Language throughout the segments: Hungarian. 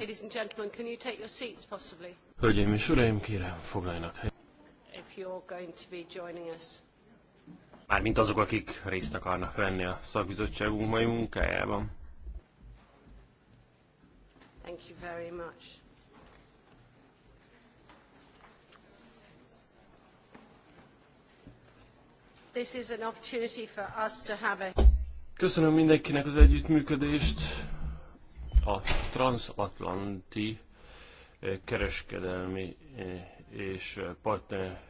Ladies and gentlemen, can you take your seats possibly? Hölgyeim és uraim, kérem, foglaljanak helyet. If you're going to be joining us. Mármint azok, akik részt akarnak venni a szakbizottságunk mai munkájában. Thank you very much. This is an opportunity for us to have a... Köszönöm mindenkinek az együttműködést a transatlanti eh, kereskedelmi eh, és eh, partner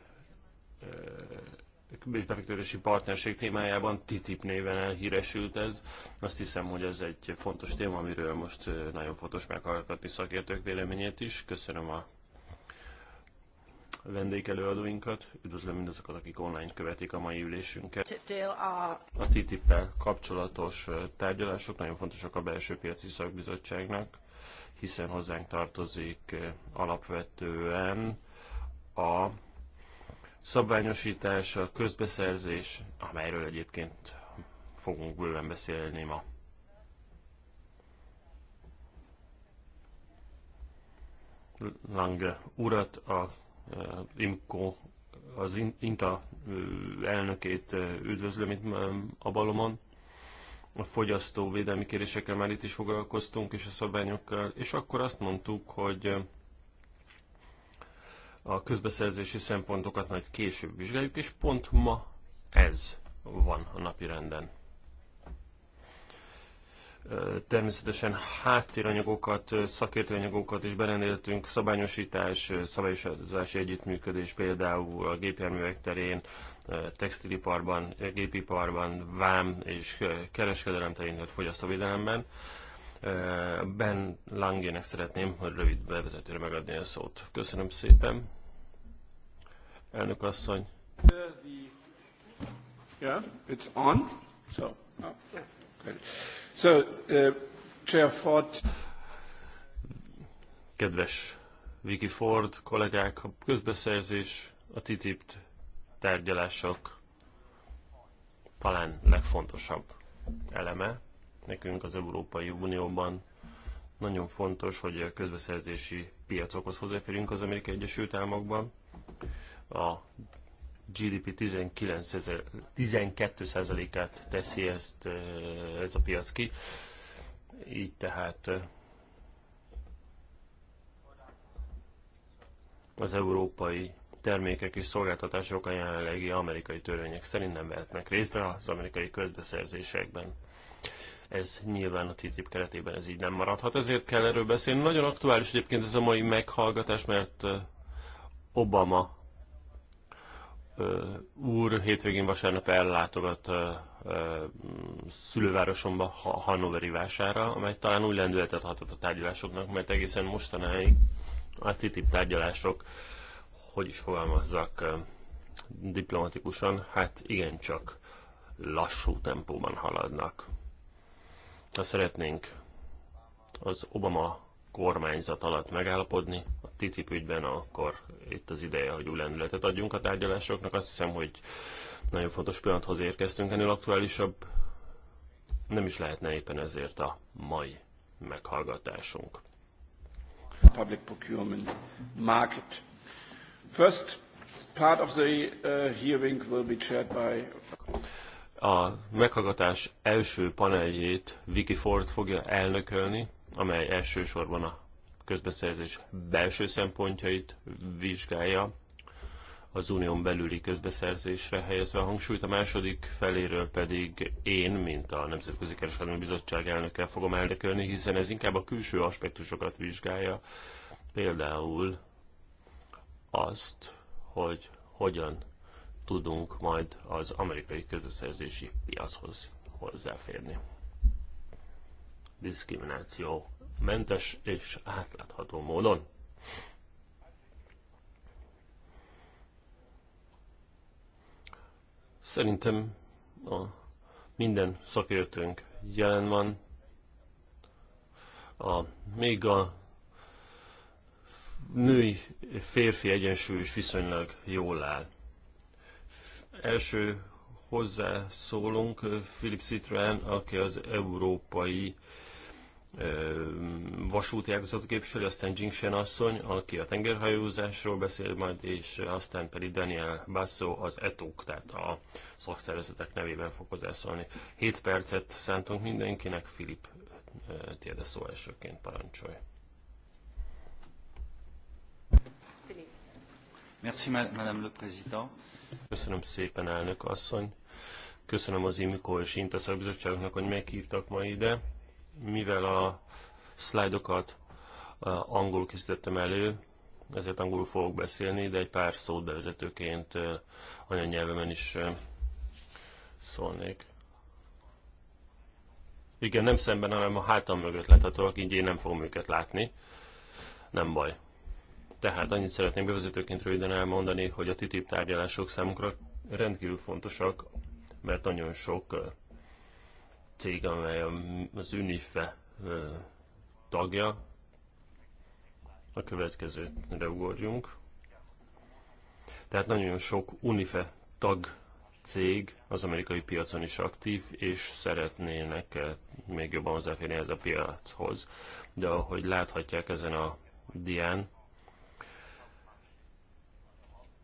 és befektetési partnerség témájában TTIP néven elhíresült ez. Azt hiszem, hogy ez egy fontos téma, amiről most nagyon fontos meghallgatni szakértők véleményét is. Köszönöm a vendégelőadóinkat, üdvözlöm mindazokat, akik online követik a mai ülésünket. A ttip tel kapcsolatos tárgyalások nagyon fontosak a belső piaci szakbizottságnak, hiszen hozzánk tartozik alapvetően a szabványosítás, a közbeszerzés, amelyről egyébként fogunk bőven beszélni ma. Lange urat a Imko, az INTA elnökét üdvözlöm itt a balomon. A fogyasztóvédelmi kérdésekkel már itt is foglalkoztunk, és a szabványokkal, és akkor azt mondtuk, hogy a közbeszerzési szempontokat majd később vizsgáljuk, és pont ma ez van a napi renden természetesen háttéranyagokat, szakértőanyagokat is berendeltünk, szabályosítás, szabályozási együttműködés például a gépjárművek terén, textiliparban, gépiparban, vám és kereskedelem terén, illetve fogyasztóvédelemben. Ben Langének szeretném hogy rövid bevezetőre megadni a szót. Köszönöm szépen. Elnök asszony. Yeah, it's on. So, oh, yeah. So, uh, Chair Ford. Kedves Vicky Ford kollégák, a közbeszerzés, a TTIP tárgyalások talán legfontosabb eleme nekünk az Európai Unióban. Nagyon fontos, hogy a közbeszerzési piacokhoz hozzáférjünk az Amerikai Egyesült Államokban. A GDP 12%-át teszi ezt, ez a piac ki. Így tehát az európai termékek és szolgáltatások a jelenlegi amerikai törvények szerint nem vehetnek részt az amerikai közbeszerzésekben. Ez nyilván a TTIP keretében ez így nem maradhat, ezért kell erről beszélni. Nagyon aktuális egyébként ez a mai meghallgatás, mert Obama úr hétvégén vasárnap ellátogat szülővárosomba Hannoveri vására, amely talán új lendületet adhatott a tárgyalásoknak, mert egészen mostanáig a TTIP tárgyalások, hogy is fogalmazzak diplomatikusan, hát igencsak lassú tempóban haladnak. Ha szeretnénk az Obama kormányzat alatt megállapodni, a TTIP ügyben, akkor itt az ideje, hogy új lendületet adjunk a tárgyalásoknak. Azt hiszem, hogy nagyon fontos pillanathoz érkeztünk, ennél aktuálisabb nem is lehetne éppen ezért a mai meghallgatásunk. Public procurement market. First part of the uh, hearing will be chaired by a meghallgatás első paneljét Vicky Ford fogja elnökölni, amely elsősorban a közbeszerzés belső szempontjait vizsgálja, az unión belüli közbeszerzésre helyezve a hangsúlyt, a második feléről pedig én, mint a Nemzetközi Kereskedelmi Bizottság elnöke fogom elnökölni, hiszen ez inkább a külső aspektusokat vizsgálja, például azt, hogy hogyan tudunk majd az amerikai közbeszerzési piachoz hozzáférni. Diszkrimináció mentes és átlátható módon. Szerintem a minden szakértőnk jelen van. A, még a női férfi egyensúly is viszonylag jól áll. Első hozzászólunk Philip Citroen, aki az európai vasúti ágazatot képviseli, aztán Shen asszony, aki a tengerhajózásról beszél majd, és aztán pedig Daniel Basso az etók, tehát a szakszervezetek nevében fog hozzászólni. 7 percet szántunk mindenkinek, Filip tiéd szó elsőként parancsolj. Merci, Madame le Président. Köszönöm szépen, elnök asszony. Köszönöm az IMIKO és Intaszak szakbizottságnak, hogy meghívtak ma ide mivel a szlájdokat eh, angolul készítettem elő, ezért angolul fogok beszélni, de egy pár szót bevezetőként eh, anyanyelvemen is eh, szólnék. Igen, nem szemben, hanem a hátam mögött láthatóak, így én nem fogom őket látni. Nem baj. Tehát annyit szeretném bevezetőként röviden elmondani, hogy a TTIP tárgyalások számunkra rendkívül fontosak, mert nagyon sok cég, amely az UNIFE tagja. A következőre ugorjunk. Tehát nagyon sok UNIFE tag cég az amerikai piacon is aktív, és szeretnének még jobban hozzáférni ez a piachoz. De ahogy láthatják ezen a dián,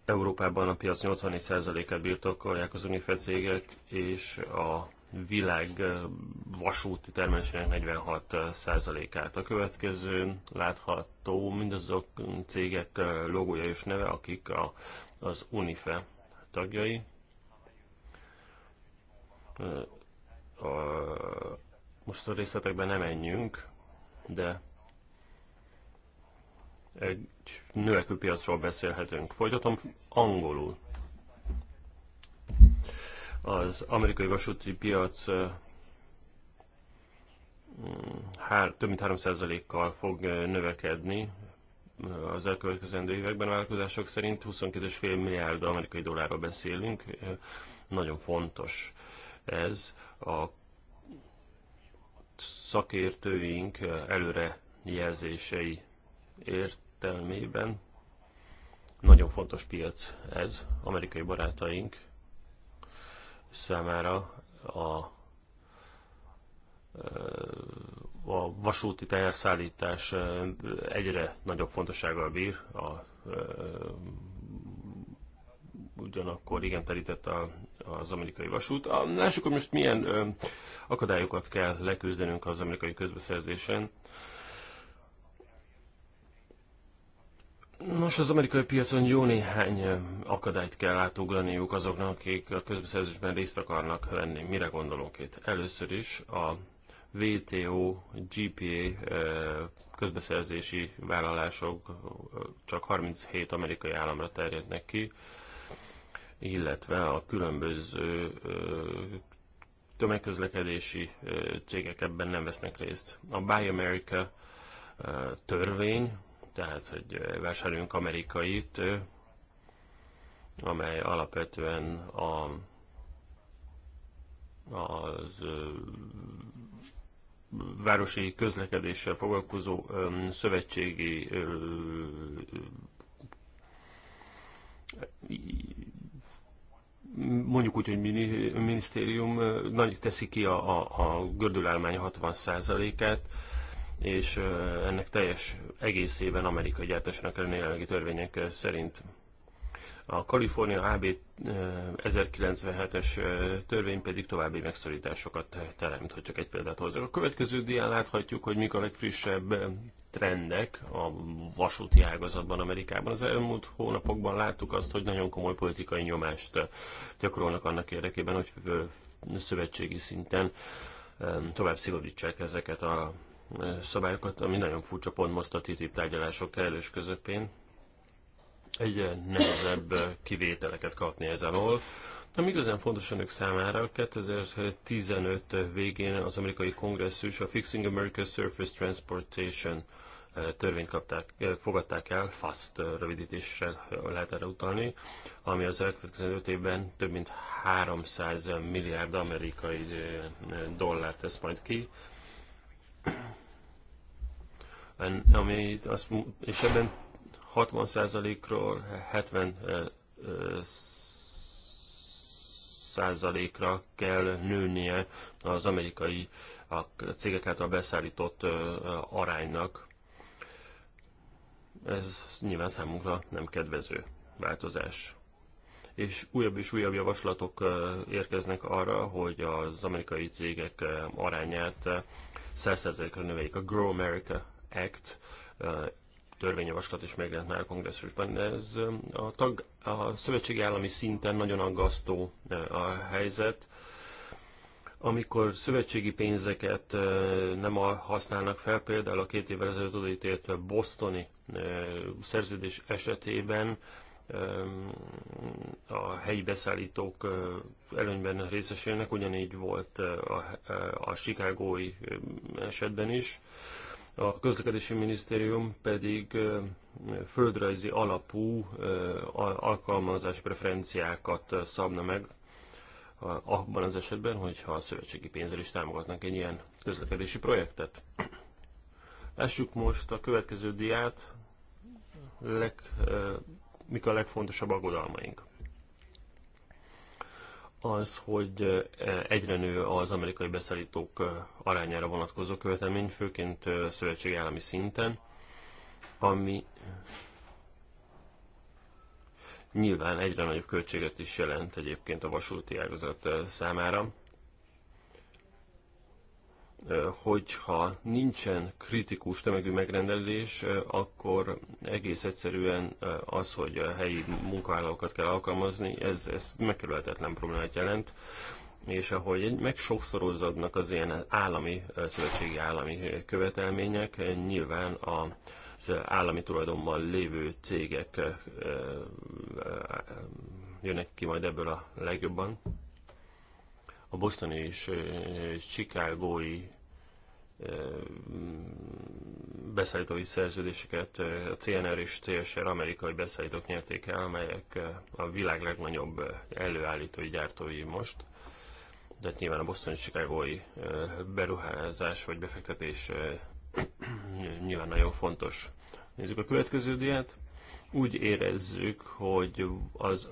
Európában a piac 84%-át birtokolják az Unife cégek, és a világ vasúti termelésének 46%-át. A következőn látható mindazok cégek logója és neve, akik a, az UNIFE tagjai. Most a részletekben nem menjünk, de egy növekvő piacról beszélhetünk. Folytatom angolul az amerikai vasúti piac mm, hár, több mint 3%-kal fog növekedni az elkövetkezendő években vállalkozások szerint. 22,5 milliárd amerikai dollárról beszélünk. Nagyon fontos ez. A szakértőink előre jelzései értelmében. Nagyon fontos piac ez, amerikai barátaink számára a a vasúti teherszállítás egyre nagyobb fontossággal bír, a, ugyanakkor igen terített a, az amerikai vasút. A, lássuk, hogy most milyen ö, akadályokat kell leküzdenünk az amerikai közbeszerzésen. Nos, az amerikai piacon jó néhány akadályt kell átugraniuk azoknak, akik a közbeszerzésben részt akarnak venni. Mire gondolok itt? Először is a WTO, GPA közbeszerzési vállalások csak 37 amerikai államra terjednek ki, illetve a különböző tömegközlekedési cégek ebben nem vesznek részt. A Buy America törvény tehát hogy vásárolunk amerikait, amely alapvetően a, az városi közlekedéssel foglalkozó szövetségi mondjuk úgy, hogy minisztérium nagy teszi ki a, a, a gördülállmány 60%-át, és ennek teljes egészében amerikai gyártásnak lenne jelenlegi törvények szerint. A Kalifornia AB 1097-es törvény pedig további megszorításokat teremt, hogy csak egy példát hozzak. A következő dián láthatjuk, hogy mik a legfrissebb trendek a vasúti ágazatban Amerikában. Az elmúlt hónapokban láttuk azt, hogy nagyon komoly politikai nyomást gyakorolnak annak érdekében, hogy szövetségi szinten tovább szigorítsák ezeket a szabályokat, ami nagyon furcsa pont most a TTIP tárgyalások elős közepén. Egy nehezebb kivételeket kapni ezen alól. Ami igazán fontos önök számára, 2015 végén az amerikai kongresszus a Fixing America Surface Transportation törvényt kapták, fogadták el, FAST rövidítéssel lehet erre utalni, ami az elkövetkező 5 évben több mint 300 milliárd amerikai dollárt tesz majd ki ami azt, és ebben 60%-ról 70 ra kell nőnie az amerikai a cégek által beszállított aránynak. Ez nyilván számunkra nem kedvező változás. És újabb és újabb javaslatok érkeznek arra, hogy az amerikai cégek arányát 100 növeljék. A Grow America Act törvényjavaslat is megjelent már a kongresszusban. Ez a, tag, a szövetségi állami szinten nagyon aggasztó a helyzet. Amikor szövetségi pénzeket nem használnak fel, például a két évvel ezelőtt odaítélt bostoni szerződés esetében a helyi beszállítók előnyben részesülnek, ugyanígy volt a, a Chicagói esetben is. A közlekedési minisztérium pedig földrajzi alapú alkalmazás preferenciákat szabna meg abban az esetben, hogyha a szövetségi pénzzel is támogatnak egy ilyen közlekedési projektet. Lássuk most a következő diát, leg, mik a legfontosabb aggodalmaink. Az, hogy eh, egyre nő az amerikai beszállítók eh, arányára vonatkozó követelmény, főként eh, állami szinten, ami nyilván egyre nagyobb költséget is jelent egyébként a vasúti ágazat számára hogyha nincsen kritikus tömegű megrendelés, akkor egész egyszerűen az, hogy a helyi munkavállalókat kell alkalmazni, ez, ez megkerülhetetlen problémát jelent és ahogy meg sokszorozódnak az ilyen állami, szövetségi állami követelmények, nyilván a az állami tulajdonban lévő cégek jönnek ki majd ebből a legjobban. A bosztoni és chicagói beszállítói szerződéseket a CNR és CSR amerikai beszállítók nyerték el, amelyek a világ legnagyobb előállítói gyártói most. De hát nyilván a Boston Chicagói beruházás vagy befektetés nyilván nagyon fontos. Nézzük a következő diát. Úgy érezzük, hogy az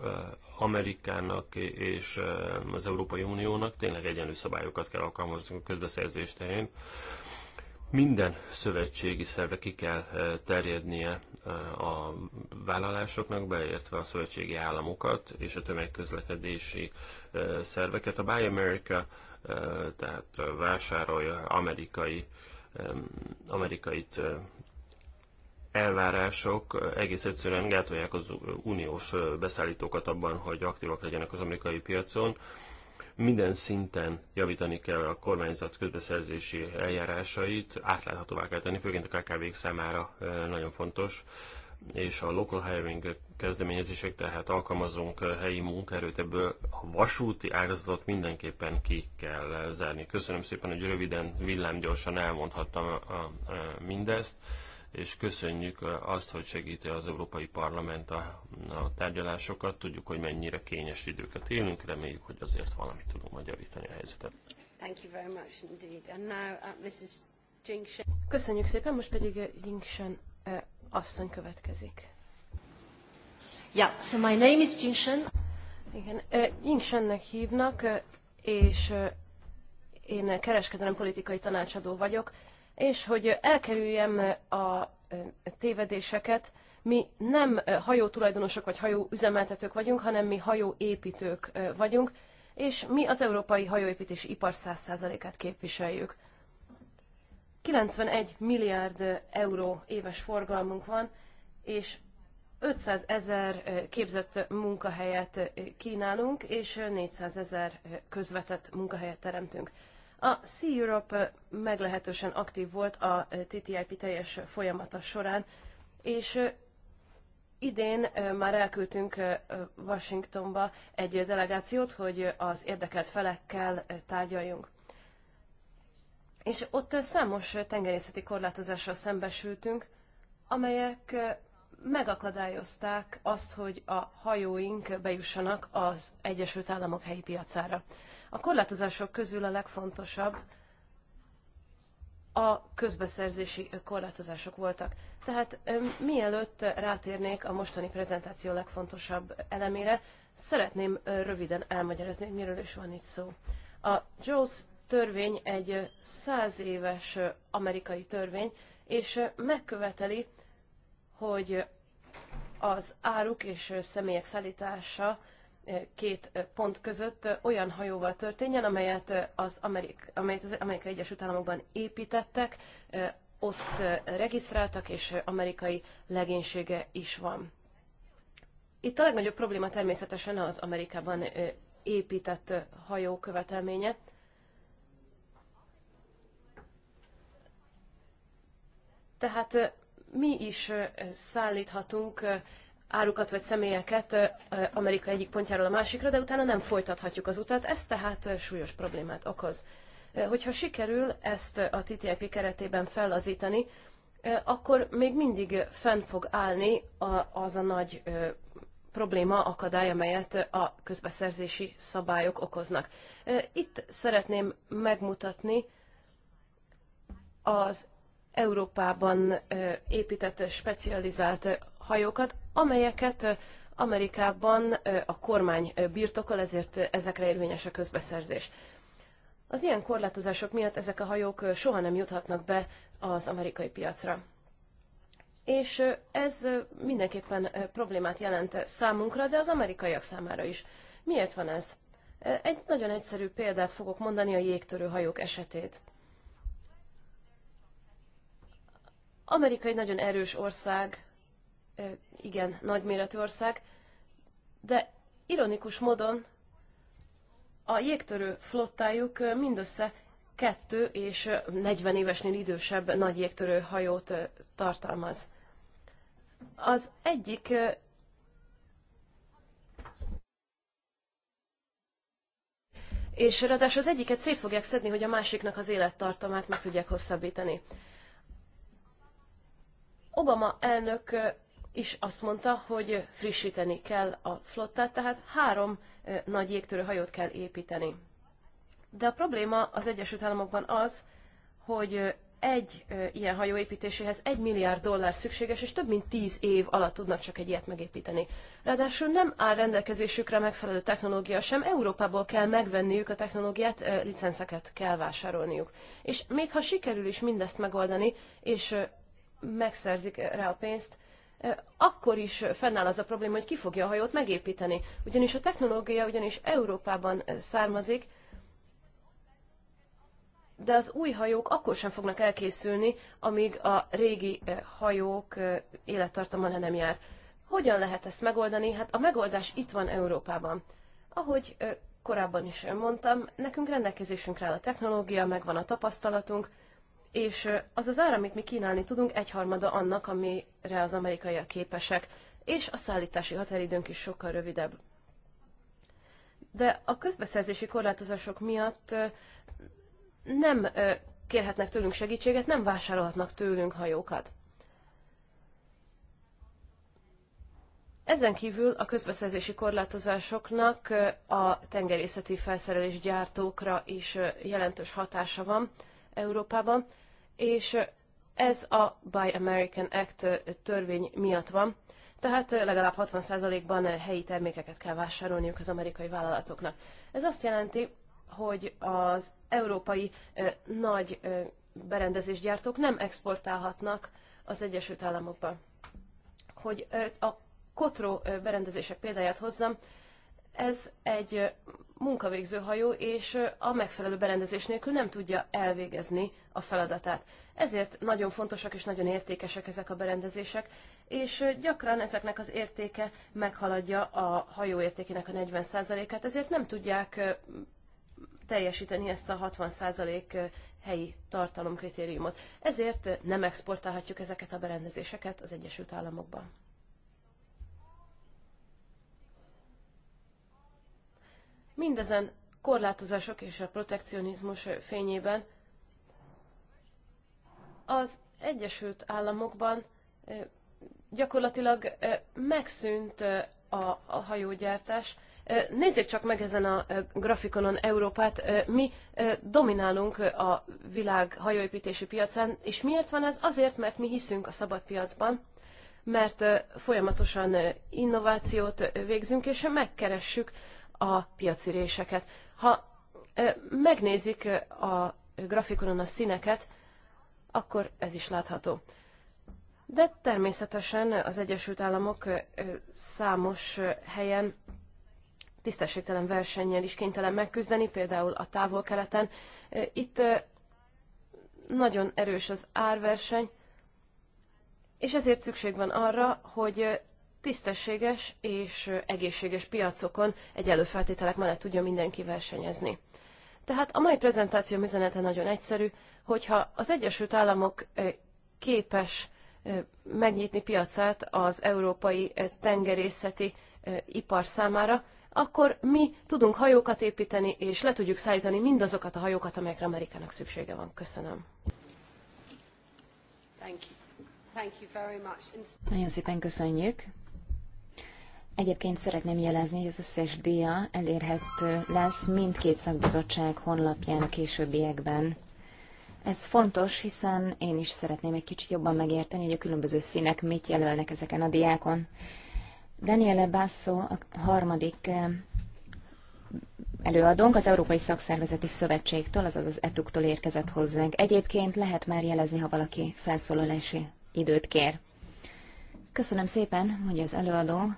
Amerikának és eh, az Európai Uniónak tényleg egyenlő szabályokat kell alkalmaznunk a közbeszerzés terén. Minden szövetségi szerve ki kell eh, terjednie eh, a vállalásoknak, beértve a szövetségi államokat és a tömegközlekedési szerveket. A Buy America tehát vásárolja amerikai, amerikait elvárások egész egyszerűen gátolják az uniós beszállítókat abban, hogy aktívak legyenek az amerikai piacon. Minden szinten javítani kell a kormányzat közbeszerzési eljárásait, átláthatóvá kell tenni, főként a kkv számára eh, nagyon fontos, és a local hiring kezdeményezések, tehát alkalmazunk eh, helyi munkaerőt, ebből a vasúti ágazatot mindenképpen ki kell eh, zárni. Köszönöm szépen, hogy röviden, villámgyorsan elmondhattam a, a, a, mindezt és köszönjük azt, hogy segíti az Európai Parlament a, a tárgyalásokat. Tudjuk, hogy mennyire kényes időket élünk, reméljük, hogy azért valamit tudunk majd javítani a helyzetet. Thank you very much indeed. And now, uh, Mrs. Jingshan. Köszönjük szépen, most pedig uh, Jingshan uh, asszony következik. Yeah, so my name is Jingshan. Igen, uh, Jingshannek hívnak, uh, és uh, én kereskedelem politikai tanácsadó vagyok és hogy elkerüljem a tévedéseket, mi nem hajó tulajdonosok vagy hajó üzemeltetők vagyunk, hanem mi hajóépítők vagyunk, és mi az európai hajóépítési ipar 100%-át képviseljük. 91 milliárd euró éves forgalmunk van, és 500 ezer képzett munkahelyet kínálunk, és 400 ezer közvetett munkahelyet teremtünk. A Sea Europe meglehetősen aktív volt a eh, TTIP teljes folyamata során, és eh, idén eh, már elküldtünk Washingtonba egy delegációt, hogy az érdekelt felekkel tárgyaljunk. És ott számos tengerészeti korlátozással szembesültünk, amelyek megakadályozták azt, hogy a hajóink bejussanak az Egyesült Államok helyi piacára. A korlátozások közül a legfontosabb a közbeszerzési korlátozások voltak. Tehát mielőtt rátérnék a mostani prezentáció legfontosabb elemére, szeretném röviden elmagyarázni, hogy miről is van itt szó. A Jones törvény egy száz éves amerikai törvény, és megköveteli, hogy az áruk és személyek szállítása két pont között olyan hajóval történjen, amelyet az, Amerik- amelyet az Amerikai Egyesült Államokban építettek, ott regisztráltak, és amerikai legénysége is van. Itt a legnagyobb probléma természetesen az Amerikában épített hajó követelménye. Tehát mi is szállíthatunk árukat vagy személyeket Amerika egyik pontjáról a másikra, de utána nem folytathatjuk az utat, ez tehát súlyos problémát okoz. Hogyha sikerül ezt a TTIP keretében fellazítani, akkor még mindig fenn fog állni az a nagy probléma, akadály, amelyet a közbeszerzési szabályok okoznak. Itt szeretném megmutatni az Európában épített specializált hajókat, amelyeket Amerikában a kormány birtokol, ezért ezekre érvényes a közbeszerzés. Az ilyen korlátozások miatt ezek a hajók soha nem juthatnak be az amerikai piacra. És ez mindenképpen problémát jelent számunkra, de az amerikaiak számára is. Miért van ez? Egy nagyon egyszerű példát fogok mondani a jégtörő hajók esetét. Amerika egy nagyon erős ország, igen nagyméretű ország, de ironikus módon a jégtörő flottájuk mindössze kettő és 40 évesnél idősebb nagy jégtörő hajót tartalmaz. Az egyik És ráadásul az egyiket szét fogják szedni, hogy a másiknak az élettartamát meg tudják hosszabbítani. Obama elnök és azt mondta, hogy frissíteni kell a flottát, tehát három nagy jégtörő hajót kell építeni. De a probléma az Egyesült Államokban az, hogy egy ilyen hajó építéséhez egy milliárd dollár szükséges, és több mint tíz év alatt tudnak csak egy ilyet megépíteni. Ráadásul nem áll rendelkezésükre megfelelő technológia sem, Európából kell megvenniük a technológiát, licenszeket kell vásárolniuk. És még ha sikerül is mindezt megoldani, és megszerzik rá a pénzt, akkor is fennáll az a probléma, hogy ki fogja a hajót megépíteni. Ugyanis a technológia ugyanis Európában származik, de az új hajók akkor sem fognak elkészülni, amíg a régi hajók élettartama le nem jár. Hogyan lehet ezt megoldani? Hát a megoldás itt van Európában. Ahogy korábban is mondtam, nekünk rendelkezésünkre áll a technológia, megvan a tapasztalatunk, és az az ár, amit mi kínálni tudunk, egyharmada annak, amire az amerikaiak képesek, és a szállítási határidőnk is sokkal rövidebb. De a közbeszerzési korlátozások miatt nem kérhetnek tőlünk segítséget, nem vásárolhatnak tőlünk hajókat. Ezen kívül a közbeszerzési korlátozásoknak a tengerészeti felszerelés gyártókra is jelentős hatása van Európában, és ez a Buy American Act törvény miatt van, tehát legalább 60%-ban helyi termékeket kell vásárolniuk az amerikai vállalatoknak. Ez azt jelenti, hogy az európai nagy berendezésgyártók nem exportálhatnak az Egyesült Államokba. Hogy a Kotró berendezések példáját hozzam, ez egy munkavégző hajó, és a megfelelő berendezés nélkül nem tudja elvégezni a feladatát. Ezért nagyon fontosak és nagyon értékesek ezek a berendezések, és gyakran ezeknek az értéke meghaladja a hajó értékének a 40%-át, ezért nem tudják teljesíteni ezt a 60% helyi tartalomkritériumot. Ezért nem exportálhatjuk ezeket a berendezéseket az Egyesült államokban. Mindezen korlátozások és a protekcionizmus fényében az Egyesült Államokban gyakorlatilag megszűnt a, hajógyártás. Nézzék csak meg ezen a grafikonon Európát. Mi dominálunk a világ hajóépítési piacán, és miért van ez? Azért, mert mi hiszünk a szabad piacban, mert folyamatosan innovációt végzünk, és megkeressük a piacüréseket. Ha megnézik a grafikonon a színeket, akkor ez is látható. De természetesen az Egyesült Államok számos helyen tisztességtelen versennyel is kénytelen megküzdeni, például a távol-keleten. Itt nagyon erős az árverseny, és ezért szükség van arra, hogy tisztességes és egészséges piacokon egy előfeltételek mellett tudja mindenki versenyezni. Tehát a mai prezentáció üzenete nagyon egyszerű, hogyha az Egyesült Államok képes megnyitni piacát az európai tengerészeti ipar számára, akkor mi tudunk hajókat építeni, és le tudjuk szállítani mindazokat a hajókat, amelyekre Amerikának szüksége van. Köszönöm. Thank you. Thank you very much. Nagyon szépen köszönjük. Egyébként szeretném jelezni, hogy az összes díja elérhető lesz mindkét szakbizottság honlapján a későbbiekben. Ez fontos, hiszen én is szeretném egy kicsit jobban megérteni, hogy a különböző színek mit jelölnek ezeken a diákon. Daniele Basso a harmadik eh, előadónk az Európai Szakszervezeti Szövetségtől, azaz az ETUK-tól érkezett hozzánk. Egyébként lehet már jelezni, ha valaki felszólalási időt kér. Köszönöm szépen, hogy az előadó.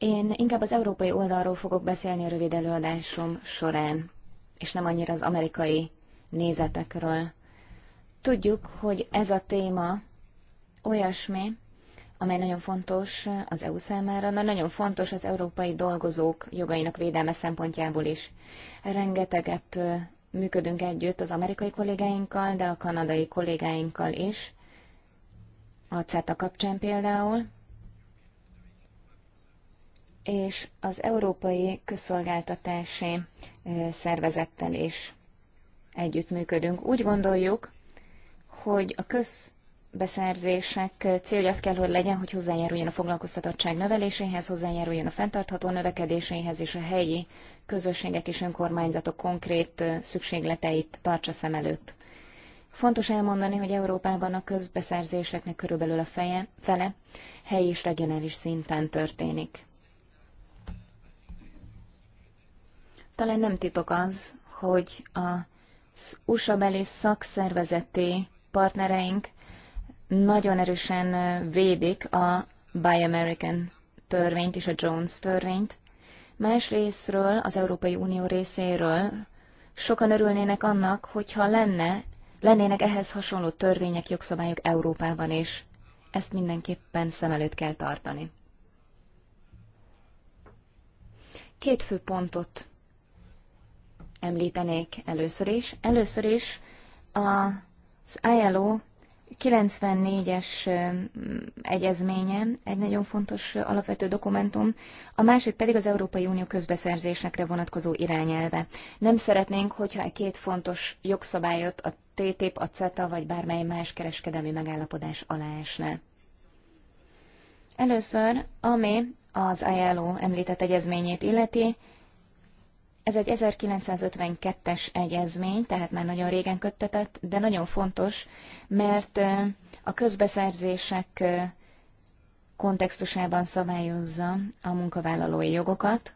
Én inkább az európai oldalról fogok beszélni a rövid előadásom során, és nem annyira az amerikai nézetekről. Tudjuk, hogy ez a téma olyasmi, amely nagyon fontos az EU számára, de nagyon fontos az európai dolgozók jogainak védelme szempontjából is. Rengeteget működünk együtt az amerikai kollégáinkkal, de a kanadai kollégáinkkal is, a CETA kapcsán például, és az Európai Közszolgáltatási Szervezettel is együttműködünk. Úgy gondoljuk, hogy a közbeszerzések célja az kell, hogy legyen, hogy hozzájáruljon a foglalkoztatottság növeléséhez, hozzájáruljon a fenntartható növekedéséhez, és a helyi közösségek és önkormányzatok konkrét szükségleteit tartsa szem előtt. Fontos elmondani, hogy Európában a közbeszerzéseknek körülbelül a feje, fele helyi és regionális szinten történik. Talán nem titok az, hogy a USA beli szakszervezeti partnereink nagyon erősen védik a Buy American törvényt és a Jones törvényt. Más részről, az Európai Unió részéről sokan örülnének annak, hogyha lenne, lennének ehhez hasonló törvények, jogszabályok Európában is. Ezt mindenképpen szem előtt kell tartani. Két fő pontot említenék először is. Először is az ILO 94-es egyezménye egy nagyon fontos alapvető dokumentum, a másik pedig az Európai Unió közbeszerzésekre vonatkozó irányelve. Nem szeretnénk, hogyha egy két fontos jogszabályot a TTIP, a CETA vagy bármely más kereskedelmi megállapodás alá esne. Először, ami az ILO említett egyezményét illeti, ez egy 1952-es egyezmény, tehát már nagyon régen köttetett, de nagyon fontos, mert a közbeszerzések kontextusában szabályozza a munkavállalói jogokat,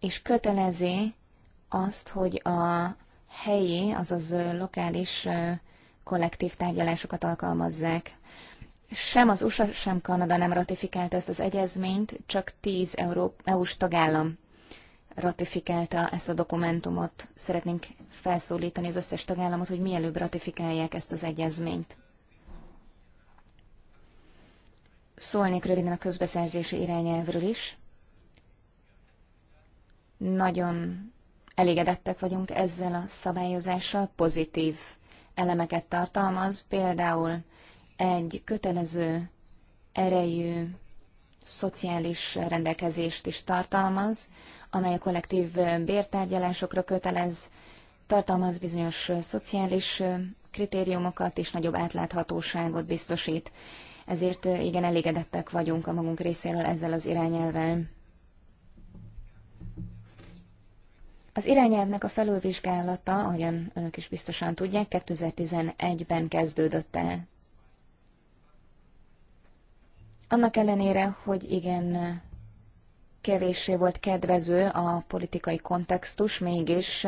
és kötelezi azt, hogy a helyi, azaz lokális kollektív tárgyalásokat alkalmazzák. Sem az USA, sem Kanada nem ratifikált ezt az egyezményt, csak 10 EU-s tagállam ratifikálta ezt a dokumentumot. Szeretnénk felszólítani az összes tagállamot, hogy mielőbb ratifikálják ezt az egyezményt. Szólnék röviden a közbeszerzési irányelvről is. Nagyon elégedettek vagyunk ezzel a szabályozással, pozitív elemeket tartalmaz, például egy kötelező erejű szociális rendelkezést is tartalmaz, amely a kollektív bértárgyalásokra kötelez, tartalmaz bizonyos szociális kritériumokat és nagyobb átláthatóságot biztosít. Ezért igen elégedettek vagyunk a magunk részéről ezzel az irányelvel. Az irányelvnek a felülvizsgálata, ahogyan önök is biztosan tudják, 2011-ben kezdődött el. Annak ellenére, hogy igen kevéssé volt kedvező a politikai kontextus, mégis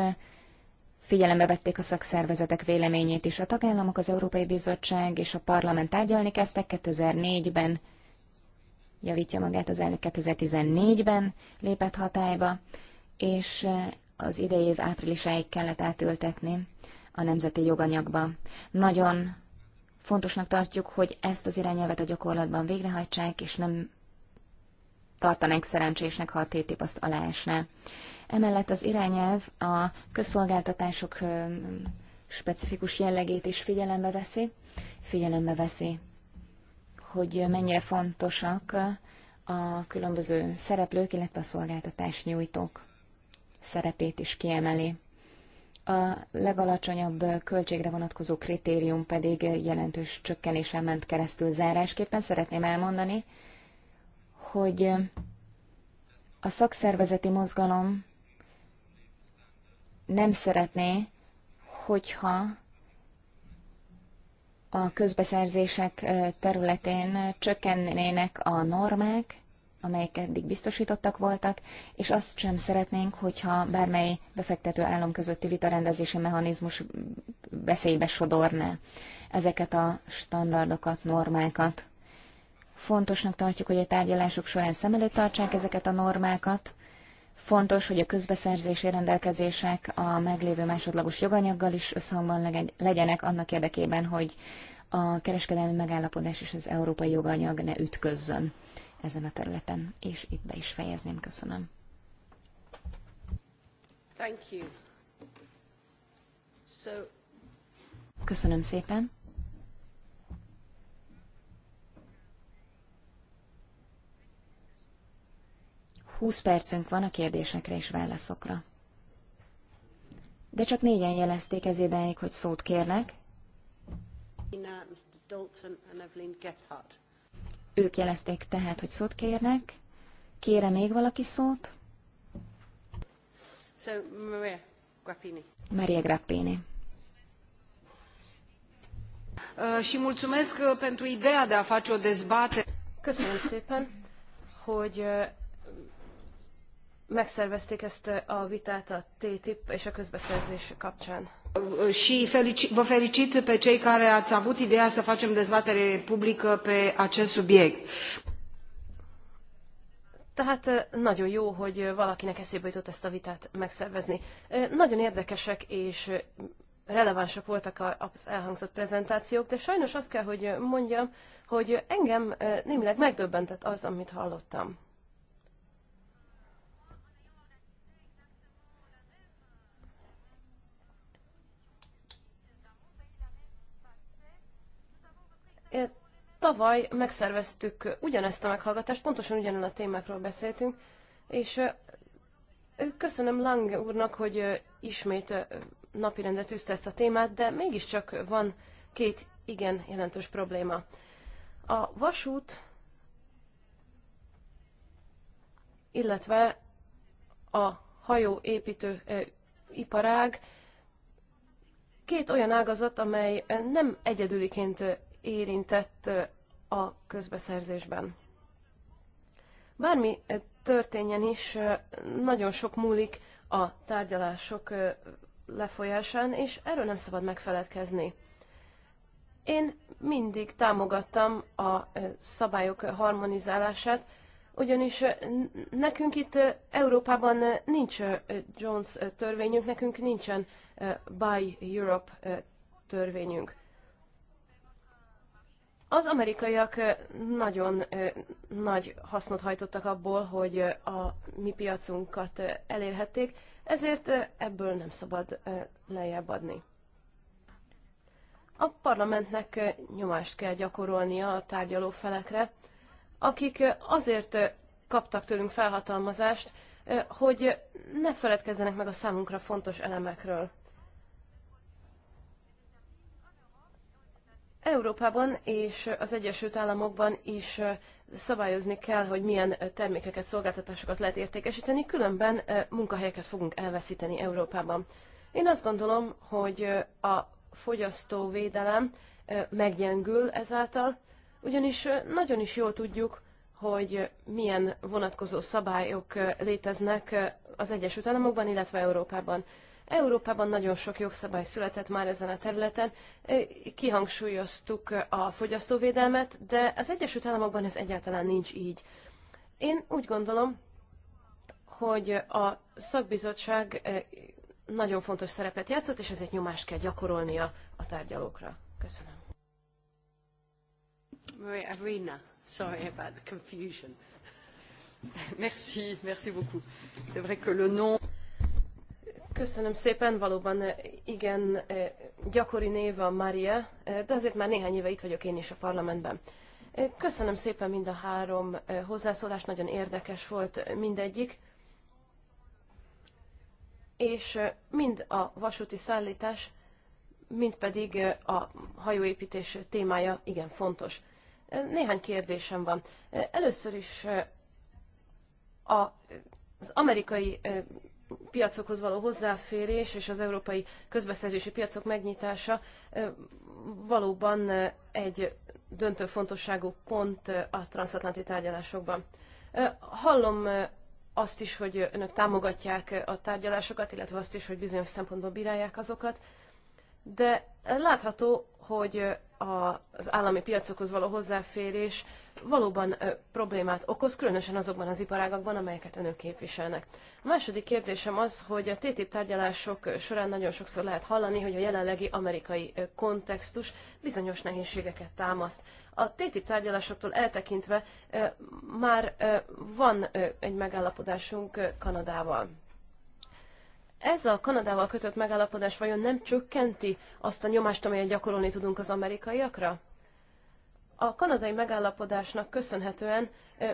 figyelembe vették a szakszervezetek véleményét is. A tagállamok, az Európai Bizottság és a parlament tárgyalni kezdtek 2004-ben, javítja magát az elnök 2014-ben lépett hatályba, és az idei év áprilisáig kellett átültetni a nemzeti joganyagba. Nagyon fontosnak tartjuk, hogy ezt az irányelvet a gyakorlatban végrehajtsák, és nem tartanánk szerencsésnek, ha a TTIP azt aláesne. Emellett az irányelv a közszolgáltatások specifikus jellegét is figyelembe veszi. Figyelembe veszi, hogy mennyire fontosak a különböző szereplők, illetve a szolgáltatás nyújtók szerepét is kiemeli. A legalacsonyabb költségre vonatkozó kritérium pedig jelentős csökkenésen ment keresztül zárásképpen. Szeretném elmondani, hogy a szakszervezeti mozgalom nem szeretné, hogyha a közbeszerzések területén csökkennének a normák, amelyek eddig biztosítottak voltak, és azt sem szeretnénk, hogyha bármely befektető állam közötti vitarendezési mechanizmus veszélybe sodorná ezeket a standardokat, normákat. Fontosnak tartjuk, hogy a tárgyalások során szem előtt tartsák ezeket a normákat. Fontos, hogy a közbeszerzési rendelkezések a meglévő másodlagos joganyaggal is összhangban legyenek annak érdekében, hogy a kereskedelmi megállapodás és az európai joganyag ne ütközzön ezen a területen. És itt be is fejezném. Köszönöm. So... Köszönöm szépen. 20 percünk van a kérdésekre és válaszokra. De csak négyen jelezték ez idáig, hogy szót kérnek. Ők jelezték tehát, hogy szót kérnek. Kére még valaki szót? So, Maria Grappini. Maria Grappini. Și mulțumesc pentru ideea de a face o dezbatere. Köszönöm szépen, hogy megszervezték ezt eh, a vitát a TTIP és a közbeszerzés kapcsán. Și vă felicit pe cei care ați avut ideea să facem dezbatere publică pe acest subiect. Tehát eh, nagyon jó, hogy eh, valakinek eszébe jutott ezt a vitát megszervezni. Nagyon érdekesek és relevánsak voltak az elhangzott prezentációk, de sajnos azt kell, hogy mondjam, hogy engem némileg megdöbbentett az, amit hallottam. Tavaly megszerveztük ugyanezt a meghallgatást, pontosan ugyanen a témákról beszéltünk, és köszönöm Lang úrnak, hogy ismét napirendet tűzte ezt a témát, de mégiscsak van két igen jelentős probléma. A vasút, illetve a hajóépítő iparág két olyan ágazat, amely nem egyedüliként érintett a közbeszerzésben. Bármi történjen is, nagyon sok múlik a tárgyalások lefolyásán, és erről nem szabad megfeledkezni. Én mindig támogattam a szabályok harmonizálását, ugyanis nekünk itt Európában nincs Jones törvényünk, nekünk nincsen Buy Europe törvényünk. Az amerikaiak nagyon nagy hasznot hajtottak abból, hogy a mi piacunkat elérhették, ezért ebből nem szabad lejjebb adni. A parlamentnek nyomást kell gyakorolnia a tárgyaló felekre, akik azért kaptak tőlünk felhatalmazást, hogy ne feledkezzenek meg a számunkra fontos elemekről. Európában és az Egyesült Államokban is szabályozni kell, hogy milyen termékeket, szolgáltatásokat lehet értékesíteni, különben munkahelyeket fogunk elveszíteni Európában. Én azt gondolom, hogy a fogyasztóvédelem meggyengül ezáltal, ugyanis nagyon is jól tudjuk, hogy milyen vonatkozó szabályok léteznek az Egyesült Államokban, illetve Európában. Európában nagyon sok jogszabály született már ezen a területen, kihangsúlyoztuk a fogyasztóvédelmet, de az Egyesült Államokban ez egyáltalán nincs így. Én úgy gondolom, hogy a szakbizottság nagyon fontos szerepet játszott, és ezért nyomást kell gyakorolnia a tárgyalókra. Köszönöm. Maria Arena, sorry about the confusion. merci, merci beaucoup. C'est vrai que le nom... Köszönöm szépen, valóban eh, igen, eh, gyakori név a Maria, eh, de azért már néhány éve itt vagyok én is a parlamentben. Köszönöm szépen mind a három hozzászólás, nagyon érdekes volt mindegyik. És mind a vasúti szállítás, mind pedig a hajóépítés témája igen fontos. Néhány kérdésem van. Először is a, az amerikai piacokhoz való hozzáférés és az európai közbeszerzési piacok megnyitása valóban egy döntő fontosságú pont a transatlanti tárgyalásokban. Hallom azt is, hogy önök támogatják a tárgyalásokat, illetve azt is, hogy bizonyos szempontból bírálják azokat, de látható, hogy az állami piacokhoz való hozzáférés valóban problémát okoz, különösen azokban az iparágakban, amelyeket önök képviselnek. A második kérdésem az, hogy a TTIP tárgyalások során nagyon sokszor lehet hallani, hogy a jelenlegi amerikai kontextus bizonyos nehézségeket támaszt. A TTIP tárgyalásoktól eltekintve már van egy megállapodásunk Kanadával. Ez a Kanadával kötött megállapodás vajon nem csökkenti azt a nyomást, amelyet gyakorolni tudunk az amerikaiakra? A kanadai megállapodásnak köszönhetően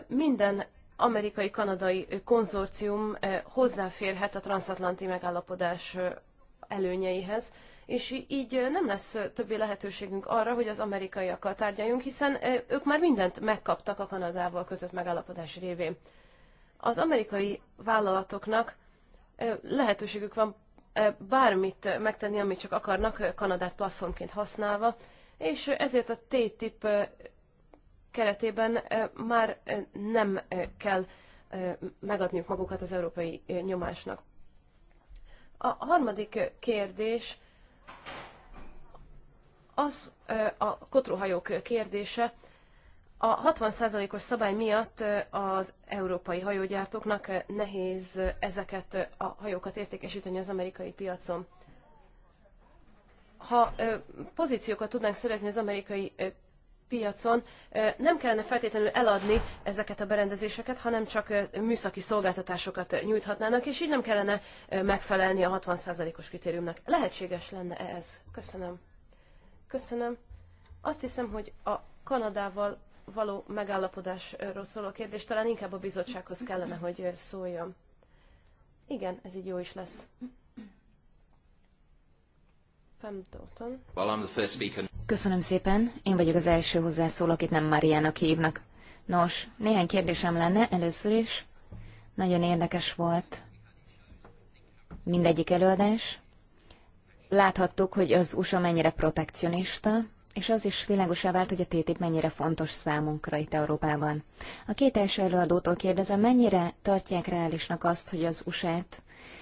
minden amerikai-kanadai konzorcium hozzáférhet a transatlanti megállapodás előnyeihez, és így nem lesz többé lehetőségünk arra, hogy az amerikaiakkal tárgyaljunk, hiszen ők már mindent megkaptak a Kanadával kötött megállapodás révén. Az amerikai vállalatoknak lehetőségük van bármit megtenni, amit csak akarnak, Kanadát platformként használva, és ezért a T-tip keretében már nem kell megadniuk magukat az európai nyomásnak. A harmadik kérdés az a kotruhajók kérdése. A 60%-os szabály miatt az európai hajógyártóknak nehéz ezeket a hajókat értékesíteni az amerikai piacon ha pozíciókat tudnánk szerezni az amerikai piacon, nem kellene feltétlenül eladni ezeket a berendezéseket, hanem csak műszaki szolgáltatásokat nyújthatnának, és így nem kellene megfelelni a 60%-os kritériumnak. Lehetséges lenne -e ez? Köszönöm. Köszönöm. Azt hiszem, hogy a Kanadával való megállapodásról szóló kérdés talán inkább a bizottsághoz kellene, hogy szóljon. Igen, ez így jó is lesz. Köszönöm szépen. Én vagyok az első hozzászóló, akit nem Mariának hívnak. Nos, néhány kérdésem lenne először is. Nagyon érdekes volt mindegyik előadás. Láthattuk, hogy az USA mennyire protekcionista, és az is világosá vált, hogy a TTIP mennyire fontos számunkra itt Európában. A két első előadótól kérdezem, mennyire tartják reálisnak azt, hogy az USA-t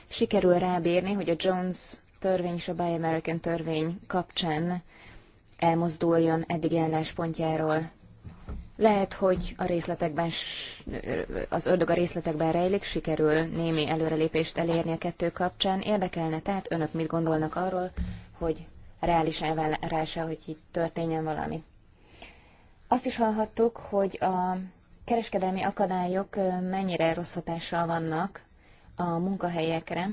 sikerül rábírni, hogy a Jones törvény és a Buy American törvény kapcsán elmozduljon eddig eddigi pontjáról. Lehet, hogy a részletekben, az ördög a részletekben rejlik, sikerül némi előrelépést elérni a kettő kapcsán. Érdekelne tehát önök mit gondolnak arról, hogy reális elvárása, hogy itt történjen valami. Azt is hallhattuk, hogy a kereskedelmi akadályok mennyire rossz hatással vannak a munkahelyekre,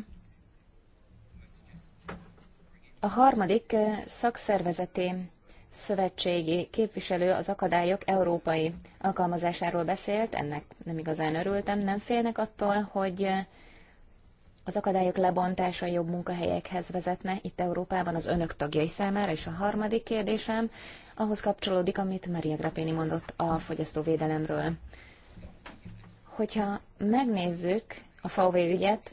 a harmadik szakszervezeti szövetségi képviselő az akadályok európai alkalmazásáról beszélt, ennek nem igazán örültem, nem félnek attól, hogy az akadályok lebontása jobb munkahelyekhez vezetne itt Európában az önök tagjai számára, és a harmadik kérdésem ahhoz kapcsolódik, amit Maria Grapéni mondott a fogyasztóvédelemről. Hogyha megnézzük a VW ügyet,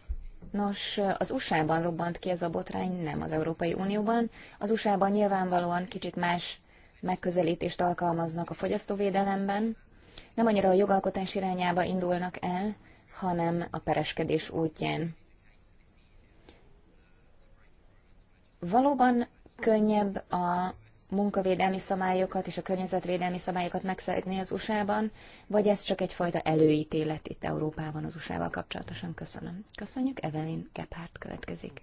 Nos, az USA-ban robbant ki ez a botrány, nem az Európai Unióban. Az USA-ban nyilvánvalóan kicsit más megközelítést alkalmaznak a fogyasztóvédelemben. Nem annyira a jogalkotás irányába indulnak el, hanem a pereskedés útján. Valóban könnyebb a munkavédelmi szabályokat és a környezetvédelmi szabályokat megszegni az USA-ban, vagy ez csak egyfajta előítélet itt Európában az USA-val kapcsolatosan? Köszönöm. Köszönjük, Evelyn Gephardt következik.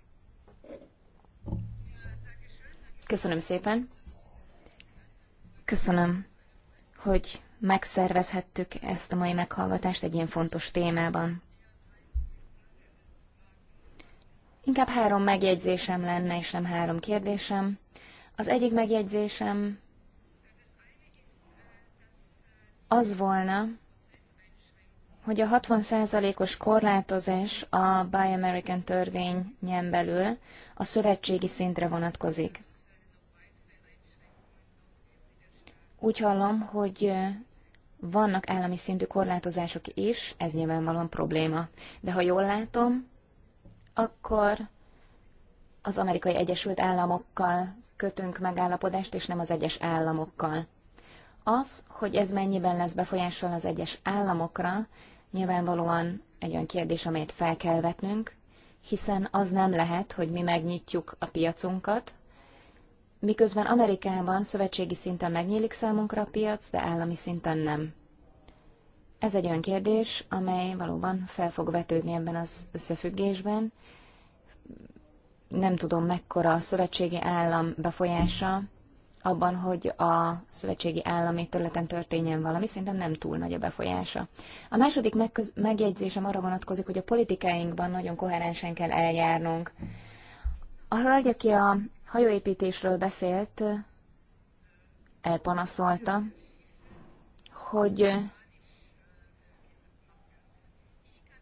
Köszönöm szépen. Köszönöm, hogy megszervezhettük ezt a mai meghallgatást egy ilyen fontos témában. Inkább három megjegyzésem lenne, és nem három kérdésem. Az egyik megjegyzésem az volna, hogy a 60%-os korlátozás a Buy American törvényen belül a szövetségi szintre vonatkozik. Úgy hallom, hogy vannak állami szintű korlátozások is, ez nyilvánvalóan probléma. De ha jól látom, akkor az Amerikai Egyesült Államokkal kötünk megállapodást, és nem az egyes államokkal. Az, hogy ez mennyiben lesz befolyással az egyes államokra, nyilvánvalóan egy olyan kérdés, amelyet fel kell vetnünk, hiszen az nem lehet, hogy mi megnyitjuk a piacunkat, miközben Amerikában szövetségi szinten megnyílik számunkra a piac, de állami szinten nem. Ez egy olyan kérdés, amely valóban fel fog vetődni ebben az összefüggésben nem tudom mekkora a szövetségi állam befolyása abban, hogy a szövetségi állami területen történjen valami, szerintem nem túl nagy a befolyása. A második megköz- megjegyzésem arra vonatkozik, hogy a politikáinkban nagyon koherensen kell eljárnunk. A hölgy, aki a hajóépítésről beszélt, elpanaszolta, hogy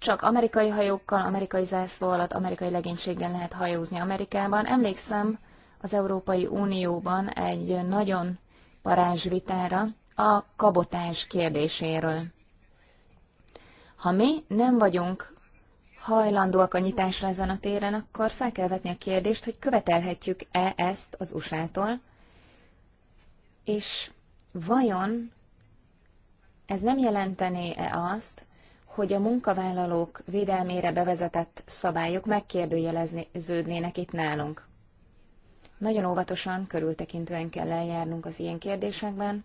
csak amerikai hajókkal, amerikai zászló alatt, amerikai legénységgel lehet hajózni Amerikában. Emlékszem az Európai Unióban egy nagyon parázs vitára a kabotás kérdéséről. Ha mi nem vagyunk hajlandóak a nyitásra ezen a téren, akkor fel kell vetni a kérdést, hogy követelhetjük-e ezt az USA-tól, és vajon ez nem jelentené-e azt, hogy a munkavállalók védelmére bevezetett szabályok megkérdőjeleződnének itt nálunk. Nagyon óvatosan, körültekintően kell eljárnunk az ilyen kérdésekben,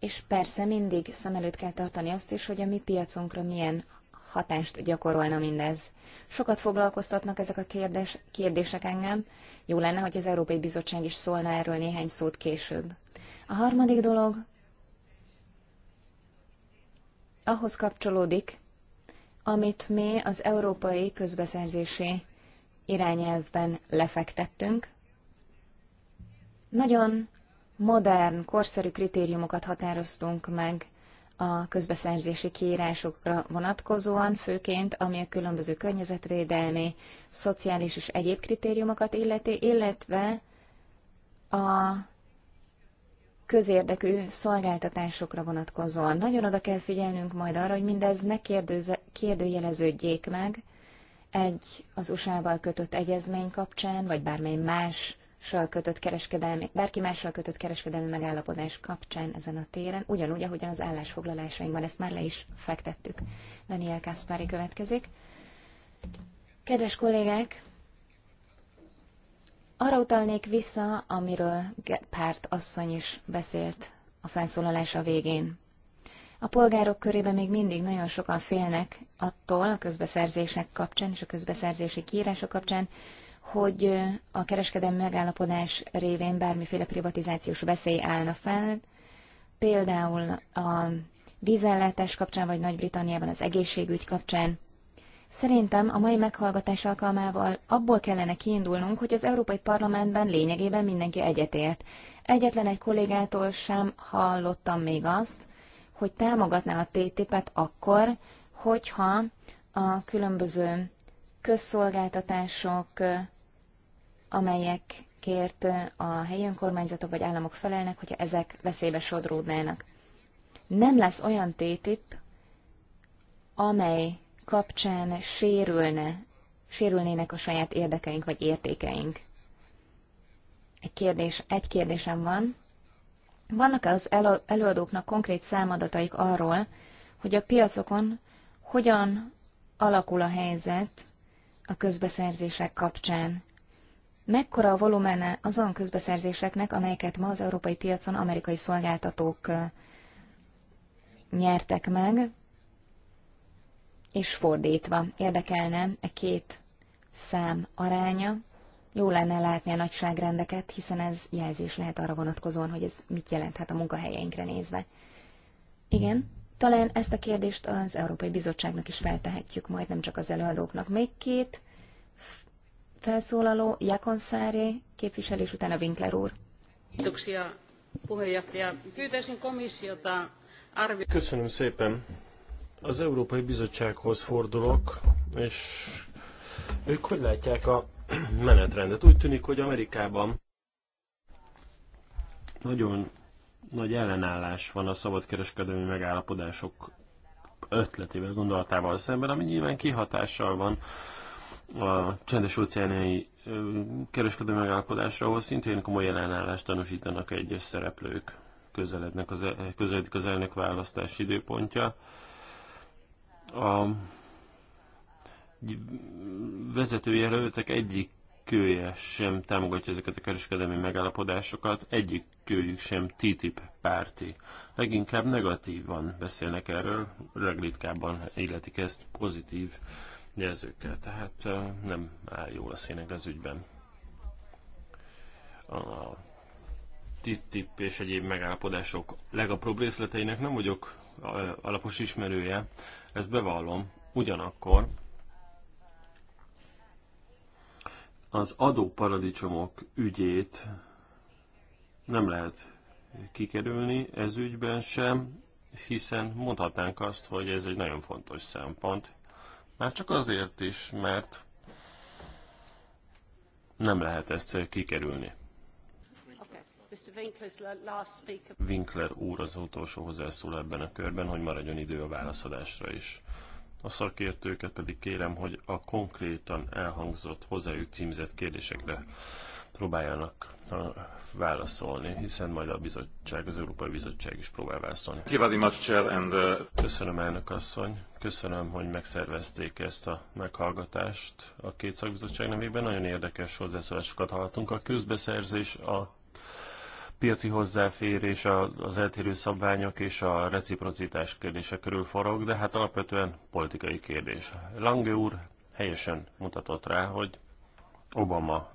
és persze mindig szem előtt kell tartani azt is, hogy a mi piacunkra milyen hatást gyakorolna mindez. Sokat foglalkoztatnak ezek a kérdés, kérdések engem, jó lenne, hogy az Európai Bizottság is szólna erről néhány szót később. A harmadik dolog ahhoz kapcsolódik, amit mi az európai közbeszerzési irányelvben lefektettünk. Nagyon modern, korszerű kritériumokat határoztunk meg a közbeszerzési kiírásokra vonatkozóan, főként ami a különböző környezetvédelmi, szociális és egyéb kritériumokat illeti, illetve a közérdekű szolgáltatásokra vonatkozóan. Nagyon oda kell figyelnünk majd arra, hogy mindez ne kérdőze, kérdőjeleződjék meg egy az USA-val kötött egyezmény kapcsán, vagy bármely más kötött kereskedelmi, bárki mással kötött kereskedelmi megállapodás kapcsán ezen a téren, ugyanúgy, ahogyan az állásfoglalásainkban ezt már le is fektettük. Daniel Kaspari következik. Kedves kollégák, arra utalnék vissza, amiről Párt asszony is beszélt a felszólalása végén. A polgárok körében még mindig nagyon sokan félnek attól a közbeszerzések kapcsán és a közbeszerzési kiírások kapcsán, hogy a kereskedelmi megállapodás révén bármiféle privatizációs veszély állna fel, például a vízellátás kapcsán, vagy Nagy-Britanniában az egészségügy kapcsán. Szerintem a mai meghallgatás alkalmával abból kellene kiindulnunk, hogy az Európai Parlamentben lényegében mindenki egyetért. Egyetlen egy kollégától sem hallottam még azt, hogy támogatná a TTIP-et akkor, hogyha a különböző közszolgáltatások, amelyekért a helyi önkormányzatok vagy államok felelnek, hogyha ezek veszélybe sodródnának. Nem lesz olyan TTIP, amely kapcsán sérülne, sérülnének a saját érdekeink vagy értékeink. Egy, kérdés, egy kérdésem van. Vannak-e az előadóknak konkrét számadataik arról, hogy a piacokon hogyan alakul a helyzet a közbeszerzések kapcsán? Mekkora a volumene azon közbeszerzéseknek, amelyeket ma az európai piacon amerikai szolgáltatók nyertek meg, és fordítva. Érdekelne e két szám aránya. Jó lenne látni a nagyságrendeket, hiszen ez jelzés lehet arra vonatkozóan, hogy ez mit jelenthet a munkahelyeinkre nézve. Igen, talán ezt a kérdést az Európai Bizottságnak is feltehetjük, majd nem csak az előadóknak. Még két felszólaló, Jakonszári képviselő, és utána Winkler úr. Köszönöm szépen, az Európai Bizottsághoz fordulok, és ők hogy látják a menetrendet? Úgy tűnik, hogy Amerikában nagyon nagy ellenállás van a szabadkereskedelmi megállapodások ötletével, gondolatával szemben, ami nyilván kihatással van a csendes óceáni kereskedelmi megállapodásra, ahol szintén komoly ellenállást tanúsítanak egyes szereplők. Közelednek az, e- közeledik az elnök választás időpontja a vezetőjelöltek egyik kője sem támogatja ezeket a kereskedelmi megállapodásokat, egyik kőjük sem TTIP párti. Leginkább negatívan beszélnek erről, legritkábban életik ezt pozitív jelzőkkel, tehát eh, nem áll jól a szének az ügyben. A TTIP és egyéb megállapodások legapróbb részleteinek nem vagyok alapos ismerője, ezt bevallom. Ugyanakkor az adóparadicsomok ügyét nem lehet kikerülni ez ügyben sem, hiszen mondhatnánk azt, hogy ez egy nagyon fontos szempont. Már csak azért is, mert nem lehet ezt kikerülni. Winkler úr az utolsó hozzászól ebben a körben, hogy maradjon idő a válaszadásra is. A szakértőket pedig kérem, hogy a konkrétan elhangzott hozzájuk címzett kérdésekre próbáljanak válaszolni, hiszen majd a bizottság, az Európai Bizottság is próbál válaszolni. Uh, Köszönöm, elnök asszony. Köszönöm, hogy megszervezték ezt a meghallgatást a két szakbizottság nevében. Nagyon érdekes hozzászólásokat hallottunk. A közbeszerzés a piaci hozzáférés, az eltérő szabványok és a reciprocitás kérdése körül forog, de hát alapvetően politikai kérdés. Lange úr helyesen mutatott rá, hogy Obama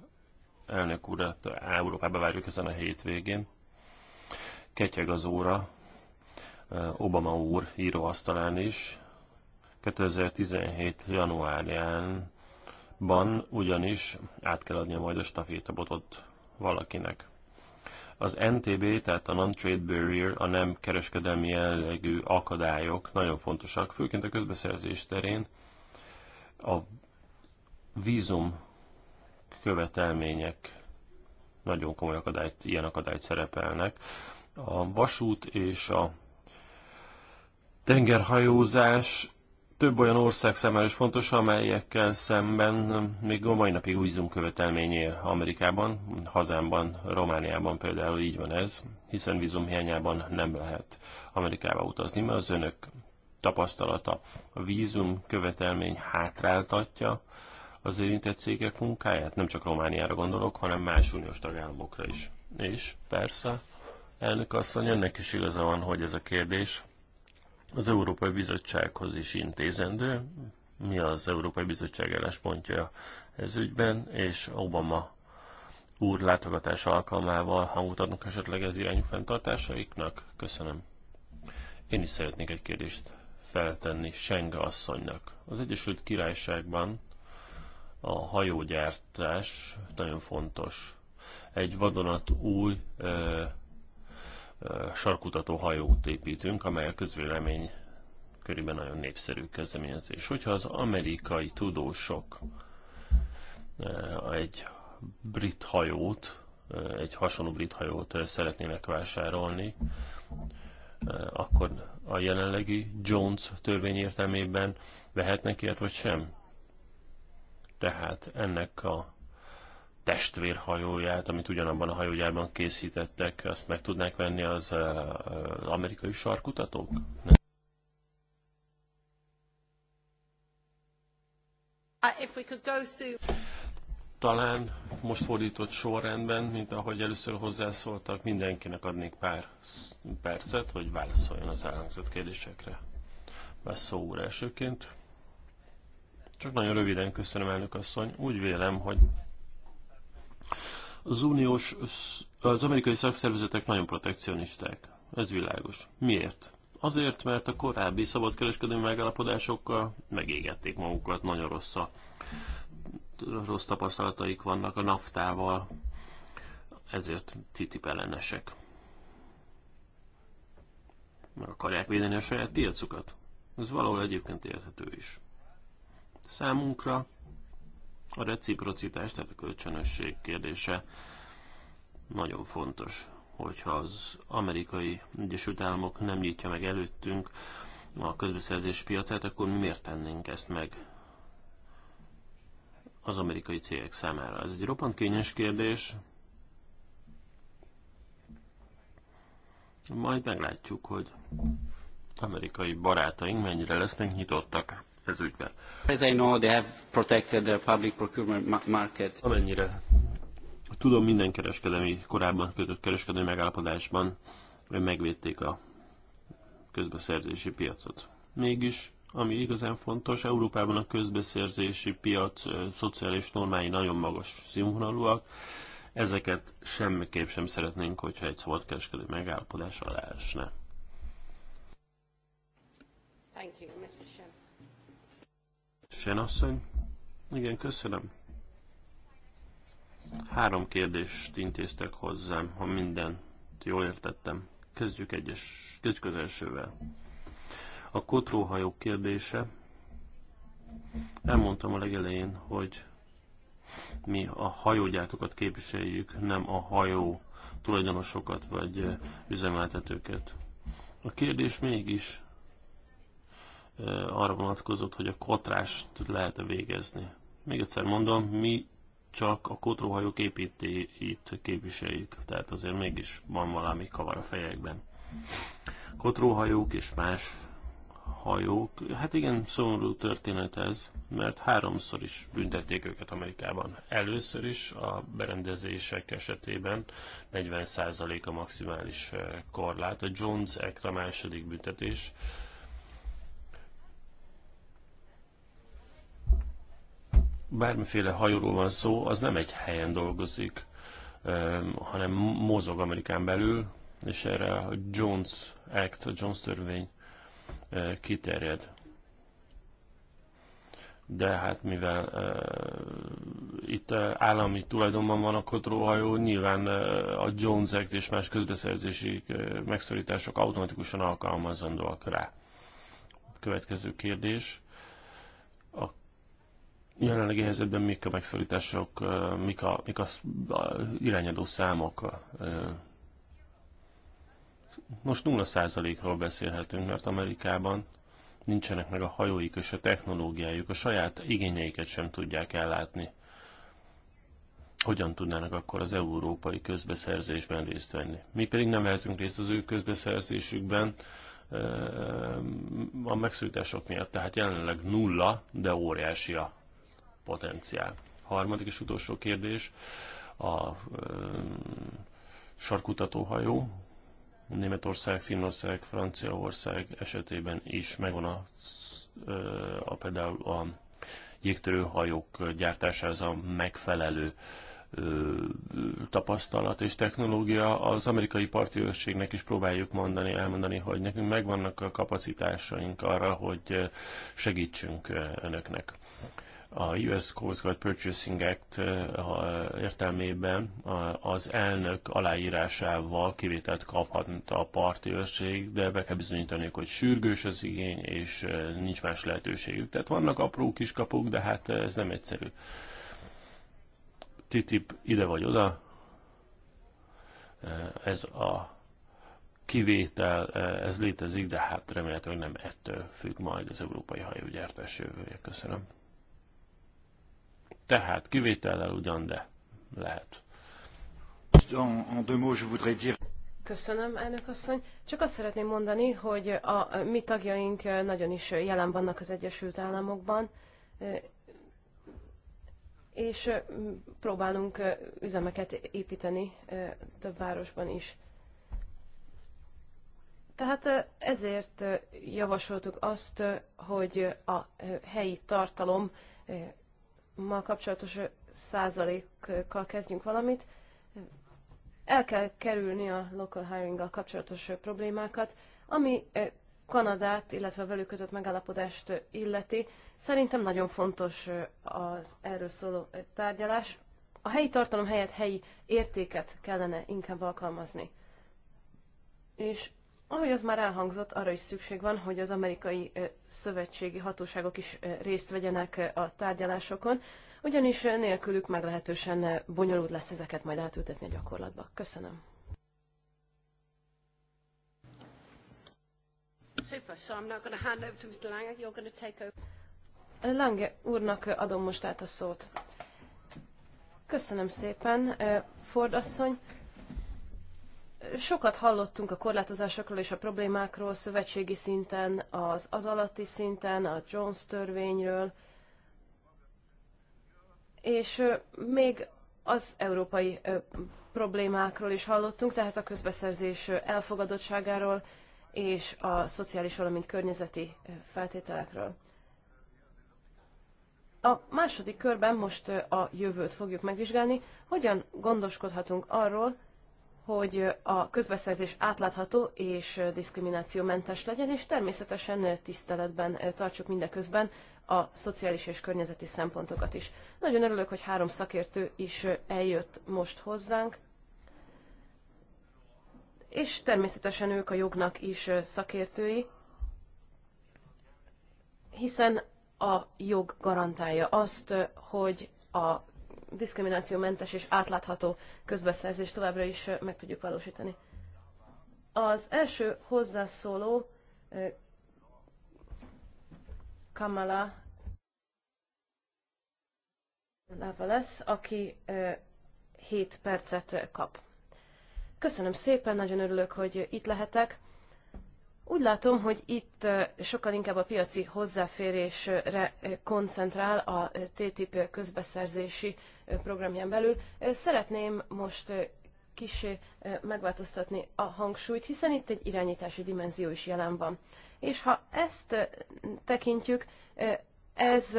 elnök urat hát Európába várjuk ezen a hétvégén. Ketyeg az óra, eh, Obama úr íróasztalán is. 2017. januárjában ugyanis át kell adnia majd a stafétabotot valakinek. Az NTB, tehát a Non-Trade Barrier, a nem kereskedelmi jellegű akadályok nagyon fontosak, főként a közbeszerzés terén. A vízum követelmények nagyon komoly akadályt, ilyen akadályt szerepelnek. A vasút és a tengerhajózás több olyan ország számára is fontos, amelyekkel szemben még a mai napig újzunk él Amerikában, hazámban, Romániában például így van ez, hiszen vízum hiányában nem lehet Amerikába utazni, mert az önök tapasztalata a vízum követelmény hátráltatja az érintett cégek munkáját, nem csak Romániára gondolok, hanem más uniós tagállamokra is. És persze, elnök asszony, ennek is igaza van, hogy ez a kérdés az Európai Bizottsághoz is intézendő, mi az Európai Bizottság álláspontja ez ügyben, és Obama úr látogatás alkalmával hangot adnak esetleg ez irányú fenntartásaiknak? Köszönöm. Én is szeretnék egy kérdést feltenni Senge asszonynak. Az Egyesült Királyságban a hajógyártás nagyon fontos. Egy vadonatúj új sarkutató hajót építünk, amely a közvélemény körében nagyon népszerű kezdeményezés. Hogyha az amerikai tudósok eh, egy brit hajót, eh, egy hasonló brit hajót eh, szeretnének vásárolni, akkor a jelenlegi Jones törvény értelmében vehetnek ilyet, vagy sem? Tehát ennek a testvérhajóját, amit ugyanabban a hajógyárban készítettek, azt meg tudnák venni az, az amerikai sarkutatók? Nem? Uh, Talán most fordított sorrendben, mint ahogy először hozzászóltak, mindenkinek adnék pár percet, hogy válaszoljon az elhangzott kérdésekre. Basszó úr elsőként. Csak nagyon röviden köszönöm, elnök asszony. Úgy vélem, hogy az uniós, az amerikai szakszervezetek nagyon protekcionisták. Ez világos. Miért? Azért, mert a korábbi szabadkereskedelmi megállapodásokkal megégették magukat, nagyon rossz, a, rossz tapasztalataik vannak a naftával, ezért TTIP ellenesek. Meg akarják védeni a saját piacukat. Ez valahol egyébként érthető is. Számunkra a reciprocitás, tehát a kölcsönösség kérdése nagyon fontos, hogyha az amerikai Egyesült Államok nem nyitja meg előttünk a közbeszerzés piacát, akkor miért tennénk ezt meg az amerikai cégek számára? Ez egy roppant kényes kérdés, majd meglátjuk, hogy amerikai barátaink mennyire lesznek nyitottak ez ügyben. As I know, they have protected the public procurement market. Amennyire tudom, minden kereskedelmi, korábban kötött kereskedelmi megállapodásban megvédték a közbeszerzési piacot. Mégis, ami igazán fontos, Európában a közbeszerzési piac szociális normái nagyon magas színvonalúak, ezeket semmiképp sem szeretnénk, hogyha egy kereskedő megállapodás alá esne. Thank you, Mr. Senasszony? Igen, köszönöm. Három kérdést intéztek hozzám, ha mindent jól értettem. Kezdjük, egyes, kezdjük az elsővel. A kotróhajók kérdése. Elmondtam a legelején, hogy mi a hajógyártókat képviseljük, nem a hajó tulajdonosokat vagy üzemeltetőket. A kérdés mégis arra vonatkozott, hogy a kotrást lehet -e végezni. Még egyszer mondom, mi csak a kotróhajók építéit képviseljük, tehát azért mégis van valami kavar a fejekben. Kotróhajók és más hajók, hát igen, szomorú történet ez, mert háromszor is büntették őket Amerikában. Először is a berendezések esetében 40% a maximális korlát, a Jones Act a második büntetés, bármiféle hajóról van szó, az nem egy helyen dolgozik, hanem mozog Amerikán belül, és erre a Jones Act, a Jones törvény e, kiterjed. De hát mivel uh, itt uh, állami tulajdonban van a kotróhajó, nyilván uh, a Jones Act és más közbeszerzési uh, megszorítások automatikusan alkalmazandóak rá. Következő kérdés. A jelenlegi helyzetben mik a megszorítások, mik a, mik a irányadó számok? Most 0%-ról beszélhetünk, mert Amerikában nincsenek meg a hajóik és a technológiájuk, a saját igényeiket sem tudják ellátni. Hogyan tudnának akkor az európai közbeszerzésben részt venni? Mi pedig nem vehetünk részt az ő közbeszerzésükben, a megszűjtások miatt. Tehát jelenleg nulla, de óriási a potenciál. Harmadik és utolsó kérdés, a ö, sarkutatóhajó, Németország, Finnország, Franciaország esetében is megvan a, a például a jégtörőhajók gyártásához a megfelelő tapasztalat és technológia. Az amerikai parti őrségnek is próbáljuk mondani, elmondani, hogy nekünk megvannak a kapacitásaink arra, hogy segítsünk önöknek a US Coast Guard Purchasing Act értelmében az elnök aláírásával kivételt kaphat a parti őrség, de be kell bizonyítani, hogy sürgős az igény, és nincs más lehetőségük. Tehát vannak apró kiskapuk, de hát ez nem egyszerű. TTIP ide vagy oda, ez a kivétel, ez létezik, de hát remélhetőleg nem ettől függ majd az európai hajógyártás jövője. Köszönöm. Tehát kivétellel ugyan, de lehet. Köszönöm, elnök asszony. Csak azt szeretném mondani, hogy a mi tagjaink nagyon is jelen vannak az Egyesült Államokban, és próbálunk üzemeket építeni több városban is. Tehát ezért javasoltuk azt, hogy a helyi tartalom ma kapcsolatos százalékkal kezdjünk valamit. El kell kerülni a local hiring-gal kapcsolatos problémákat, ami Kanadát, illetve a velük kötött megállapodást illeti. Szerintem nagyon fontos az erről szóló tárgyalás. A helyi tartalom helyett helyi értéket kellene inkább alkalmazni. És ahogy az már elhangzott, arra is szükség van, hogy az amerikai szövetségi hatóságok is részt vegyenek a tárgyalásokon, ugyanis nélkülük meglehetősen bonyolult lesz ezeket majd átültetni a gyakorlatba. Köszönöm. Lange úrnak adom most át a szót. Köszönöm szépen, Ford asszony. Sokat hallottunk a korlátozásokról és a problémákról szövetségi szinten, az, az alatti szinten, a Jones törvényről, és még az európai problémákról is hallottunk, tehát a közbeszerzés elfogadottságáról és a szociális, valamint környezeti feltételekről. A második körben most a jövőt fogjuk megvizsgálni, hogyan gondoskodhatunk arról, hogy a közbeszerzés átlátható és diszkriminációmentes legyen, és természetesen tiszteletben tartsuk mindeközben a szociális és környezeti szempontokat is. Nagyon örülök, hogy három szakértő is eljött most hozzánk, és természetesen ők a jognak is szakértői, hiszen a jog garantálja azt, hogy a diszkriminációmentes és átlátható közbeszerzést továbbra is meg tudjuk valósítani. Az első hozzászóló Kamala Lava lesz, aki 7 percet kap. Köszönöm szépen, nagyon örülök, hogy itt lehetek. Úgy látom, hogy itt sokkal inkább a piaci hozzáférésre koncentrál a TTIP közbeszerzési programján belül. Szeretném most kis megváltoztatni a hangsúlyt, hiszen itt egy irányítási dimenzió is jelen van. És ha ezt tekintjük, ez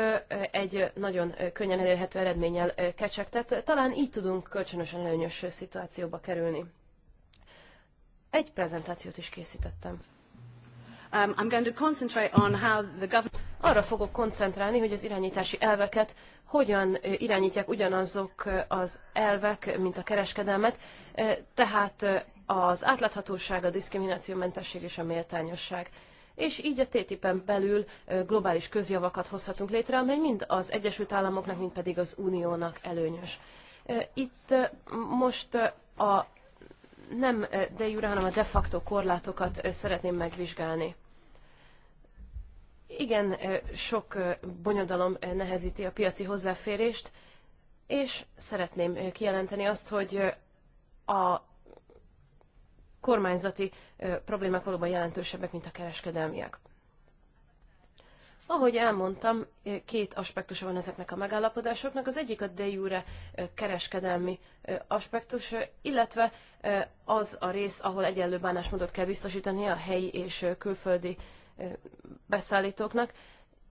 egy nagyon könnyen elérhető eredménnyel kecsegtet. Talán így tudunk kölcsönösen előnyös szituációba kerülni. Egy prezentációt is készítettem. Um, I'm going to concentrate on how the government... Arra fogok koncentrálni, hogy az irányítási elveket hogyan irányítják ugyanazok az elvek, mint a kereskedelmet, tehát az átláthatóság, a diszkriminációmentesség és a méltányosság. És így a TTIP-en belül globális közjavakat hozhatunk létre, amely mind az Egyesült Államoknak, mind pedig az Uniónak előnyös. Itt most a nem de jure, hanem a de facto korlátokat szeretném megvizsgálni. Igen, sok bonyodalom nehezíti a piaci hozzáférést, és szeretném kijelenteni azt, hogy a kormányzati problémák valóban jelentősebbek, mint a kereskedelmiek. Ahogy elmondtam, két aspektusa van ezeknek a megállapodásoknak. Az egyik a de jure kereskedelmi aspektus, illetve az a rész, ahol egyenlő bánásmódot kell biztosítani a helyi és külföldi beszállítóknak,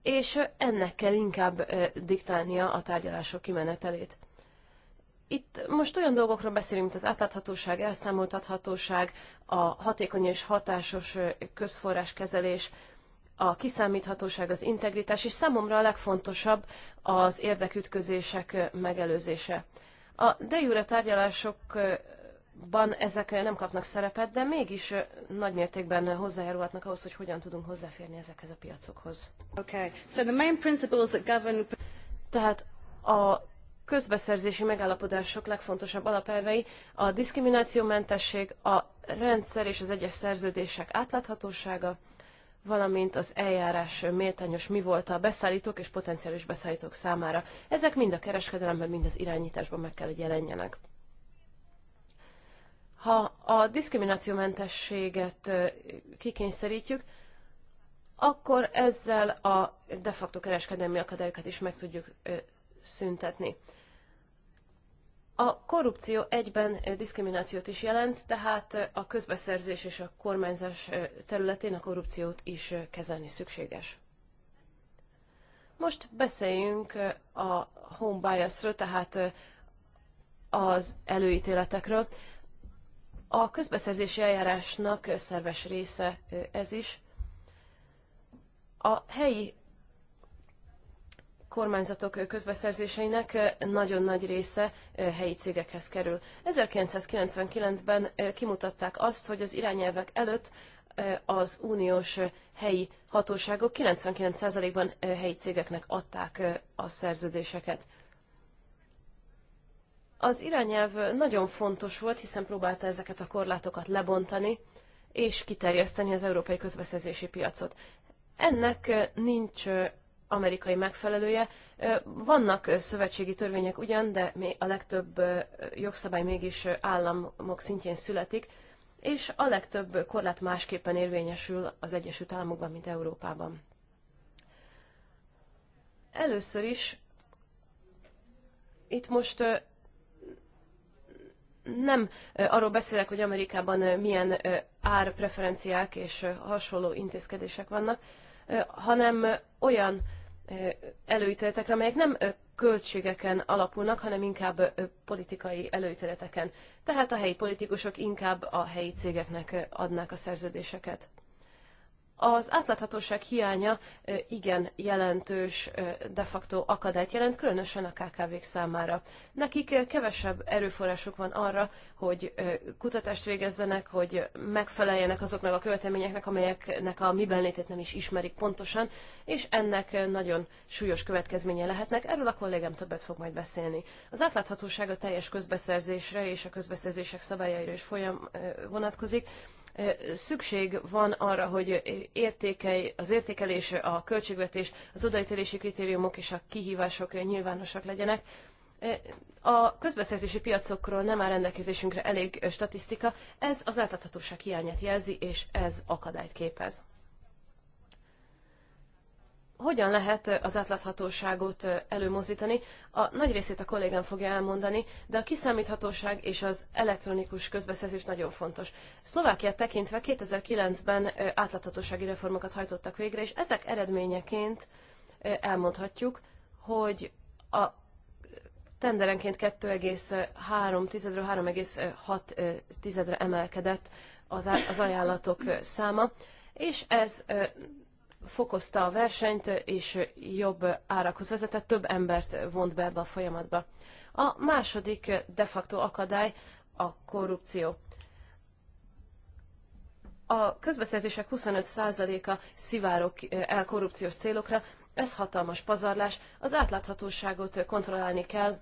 és ennek kell inkább diktálnia a tárgyalások kimenetelét. Itt most olyan dolgokról beszélünk, mint az átláthatóság, elszámoltathatóság, a hatékony és hatásos közforráskezelés, a kiszámíthatóság, az integritás, és számomra a legfontosabb az érdekütközések megelőzése. A de jure tárgyalások ban ezek nem kapnak szerepet, de mégis nagy mértékben hozzájárulhatnak ahhoz, hogy hogyan tudunk hozzáférni ezekhez a piacokhoz. Okay. So the main principles that govern... Tehát a közbeszerzési megállapodások legfontosabb alapelvei a diszkriminációmentesség, a rendszer és az egyes szerződések átláthatósága, valamint az eljárás méltányos mi volt a beszállítók és potenciális beszállítók számára. Ezek mind a kereskedelemben, mind az irányításban meg kell, hogy jelenjenek. Ha a diszkriminációmentességet kikényszerítjük, akkor ezzel a de facto kereskedelmi akadályokat is meg tudjuk szüntetni. A korrupció egyben diszkriminációt is jelent, tehát a közbeszerzés és a kormányzás területén a korrupciót is kezelni szükséges. Most beszéljünk a home bias-ről, tehát az előítéletekről. A közbeszerzési eljárásnak szerves része ez is. A helyi kormányzatok közbeszerzéseinek nagyon nagy része helyi cégekhez kerül. 1999-ben kimutatták azt, hogy az irányelvek előtt az uniós helyi hatóságok 99%-ban helyi cégeknek adták a szerződéseket. Az irányelv nagyon fontos volt, hiszen próbálta ezeket a korlátokat lebontani és kiterjeszteni az európai közbeszerzési piacot. Ennek nincs amerikai megfelelője. Vannak szövetségi törvények ugyan, de a legtöbb jogszabály mégis államok szintjén születik, és a legtöbb korlát másképpen érvényesül az Egyesült Államokban, mint Európában. Először is itt most nem arról beszélek, hogy Amerikában milyen árpreferenciák és hasonló intézkedések vannak, hanem olyan előítéletekre, amelyek nem költségeken alapulnak, hanem inkább politikai előítéleteken. Tehát a helyi politikusok inkább a helyi cégeknek adnák a szerződéseket. Az átláthatóság hiánya igen jelentős de facto akadályt jelent, különösen a KKV-k számára. Nekik kevesebb erőforrásuk van arra, hogy kutatást végezzenek, hogy megfeleljenek azoknak a követelményeknek, amelyeknek a mi bennétét nem is ismerik pontosan, és ennek nagyon súlyos következménye lehetnek. Erről a kollégám többet fog majd beszélni. Az átláthatóság a teljes közbeszerzésre és a közbeszerzések szabályaira is folyam vonatkozik szükség van arra, hogy az értékelés, a költségvetés, az odaítélési kritériumok és a kihívások nyilvánosak legyenek. A közbeszerzési piacokról nem áll rendelkezésünkre elég statisztika, ez az átláthatóság hiányát jelzi, és ez akadályt képez hogyan lehet az átláthatóságot előmozdítani? A nagy részét a kollégám fogja elmondani, de a kiszámíthatóság és az elektronikus közbeszerzés nagyon fontos. Szlovákia tekintve 2009-ben átláthatósági reformokat hajtottak végre, és ezek eredményeként elmondhatjuk, hogy a tenderenként 23 3,6-re emelkedett az ajánlatok száma, és ez fokozta a versenyt, és jobb árakhoz vezetett, több embert vont be ebbe a folyamatba. A második de facto akadály a korrupció. A közbeszerzések 25%-a szivárok el korrupciós célokra, ez hatalmas pazarlás, az átláthatóságot kontrollálni kell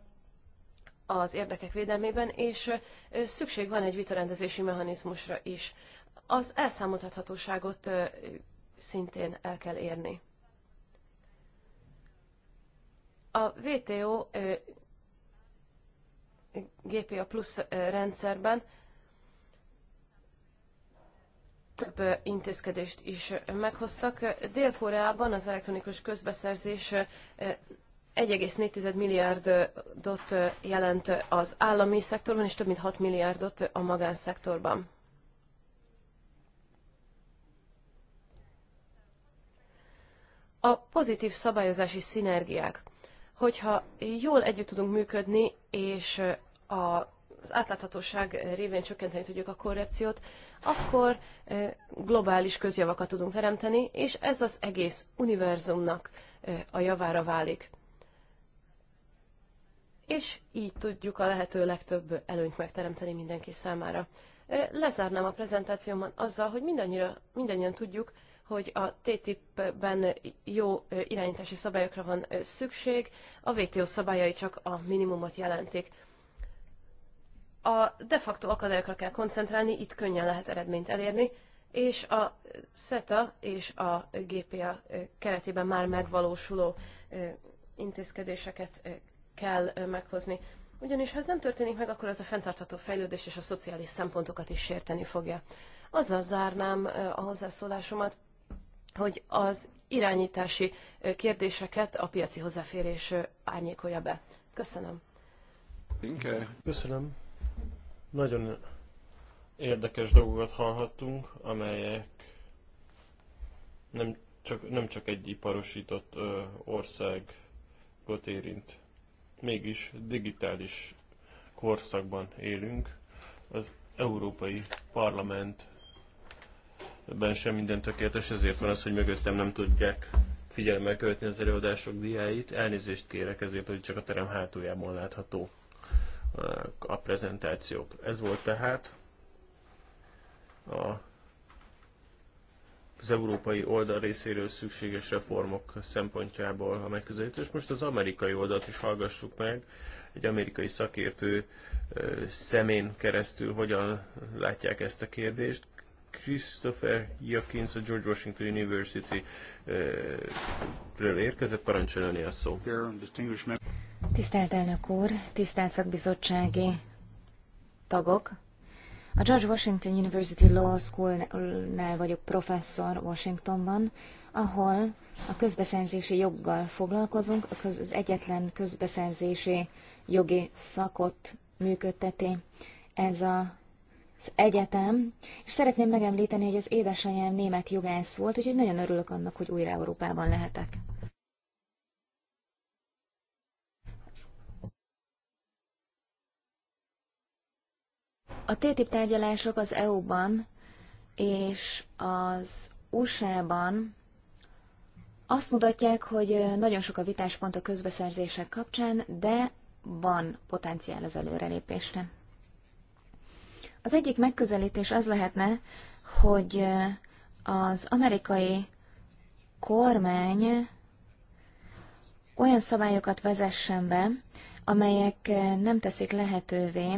az érdekek védelmében, és szükség van egy vitarendezési mechanizmusra is. Az elszámoltathatóságot szintén el kell érni. A WTO GPA Plus rendszerben több intézkedést is meghoztak. Dél-Koreában az elektronikus közbeszerzés 1,4 milliárdot jelent az állami szektorban, és több mint 6 milliárdot a magánszektorban. a pozitív szabályozási szinergiák. Hogyha jól együtt tudunk működni, és az átláthatóság révén csökkenteni tudjuk a korrekciót, akkor globális közjavakat tudunk teremteni, és ez az egész univerzumnak a javára válik. És így tudjuk a lehető legtöbb előnyt megteremteni mindenki számára. Lezárnám a prezentációmat azzal, hogy mindannyian tudjuk, hogy a TTIP-ben jó irányítási szabályokra van szükség, a WTO szabályai csak a minimumot jelentik. A de facto akadályokra kell koncentrálni, itt könnyen lehet eredményt elérni, és a SETA és a GPA keretében már megvalósuló intézkedéseket kell meghozni. Ugyanis ha ez nem történik meg, akkor ez a fenntartható fejlődés és a szociális szempontokat is sérteni fogja. Azzal zárnám a hozzászólásomat, hogy az irányítási kérdéseket a piaci hozzáférés árnyékolja be. Köszönöm. Inke. Köszönöm. Nagyon érdekes dolgokat hallhattunk, amelyek nem csak, nem csak egy iparosított ö, országot érint. Mégis digitális korszakban élünk. Az Európai Parlament ben sem minden tökéletes, ezért van az, hogy mögöttem nem tudják figyelemmel követni az előadások diáit. Elnézést kérek ezért, hogy csak a terem hátuljában látható a prezentációk. Ez volt tehát a, az európai oldal részéről szükséges reformok szempontjából a megközelítés. Most az amerikai oldalt is hallgassuk meg, egy amerikai szakértő szemén keresztül hogyan látják ezt a kérdést. Christopher Jakins a George Washington University-ről érkezett, parancsolni a szó. Tisztelt elnök úr, tisztelt szakbizottsági tagok, a George Washington University Law School-nál vagyok professzor Washingtonban, ahol a közbeszerzési joggal foglalkozunk, az egyetlen közbeszerzési jogi szakot működteti ez a az egyetem, és szeretném megemlíteni, hogy az édesanyám német jogász volt, úgyhogy nagyon örülök annak, hogy újra Európában lehetek. A TTIP tárgyalások az EU-ban és az USA-ban azt mutatják, hogy nagyon sok a vitáspont a közbeszerzések kapcsán, de van potenciál az előrelépésre. Az egyik megközelítés az lehetne, hogy az amerikai kormány olyan szabályokat vezessen be, amelyek nem teszik lehetővé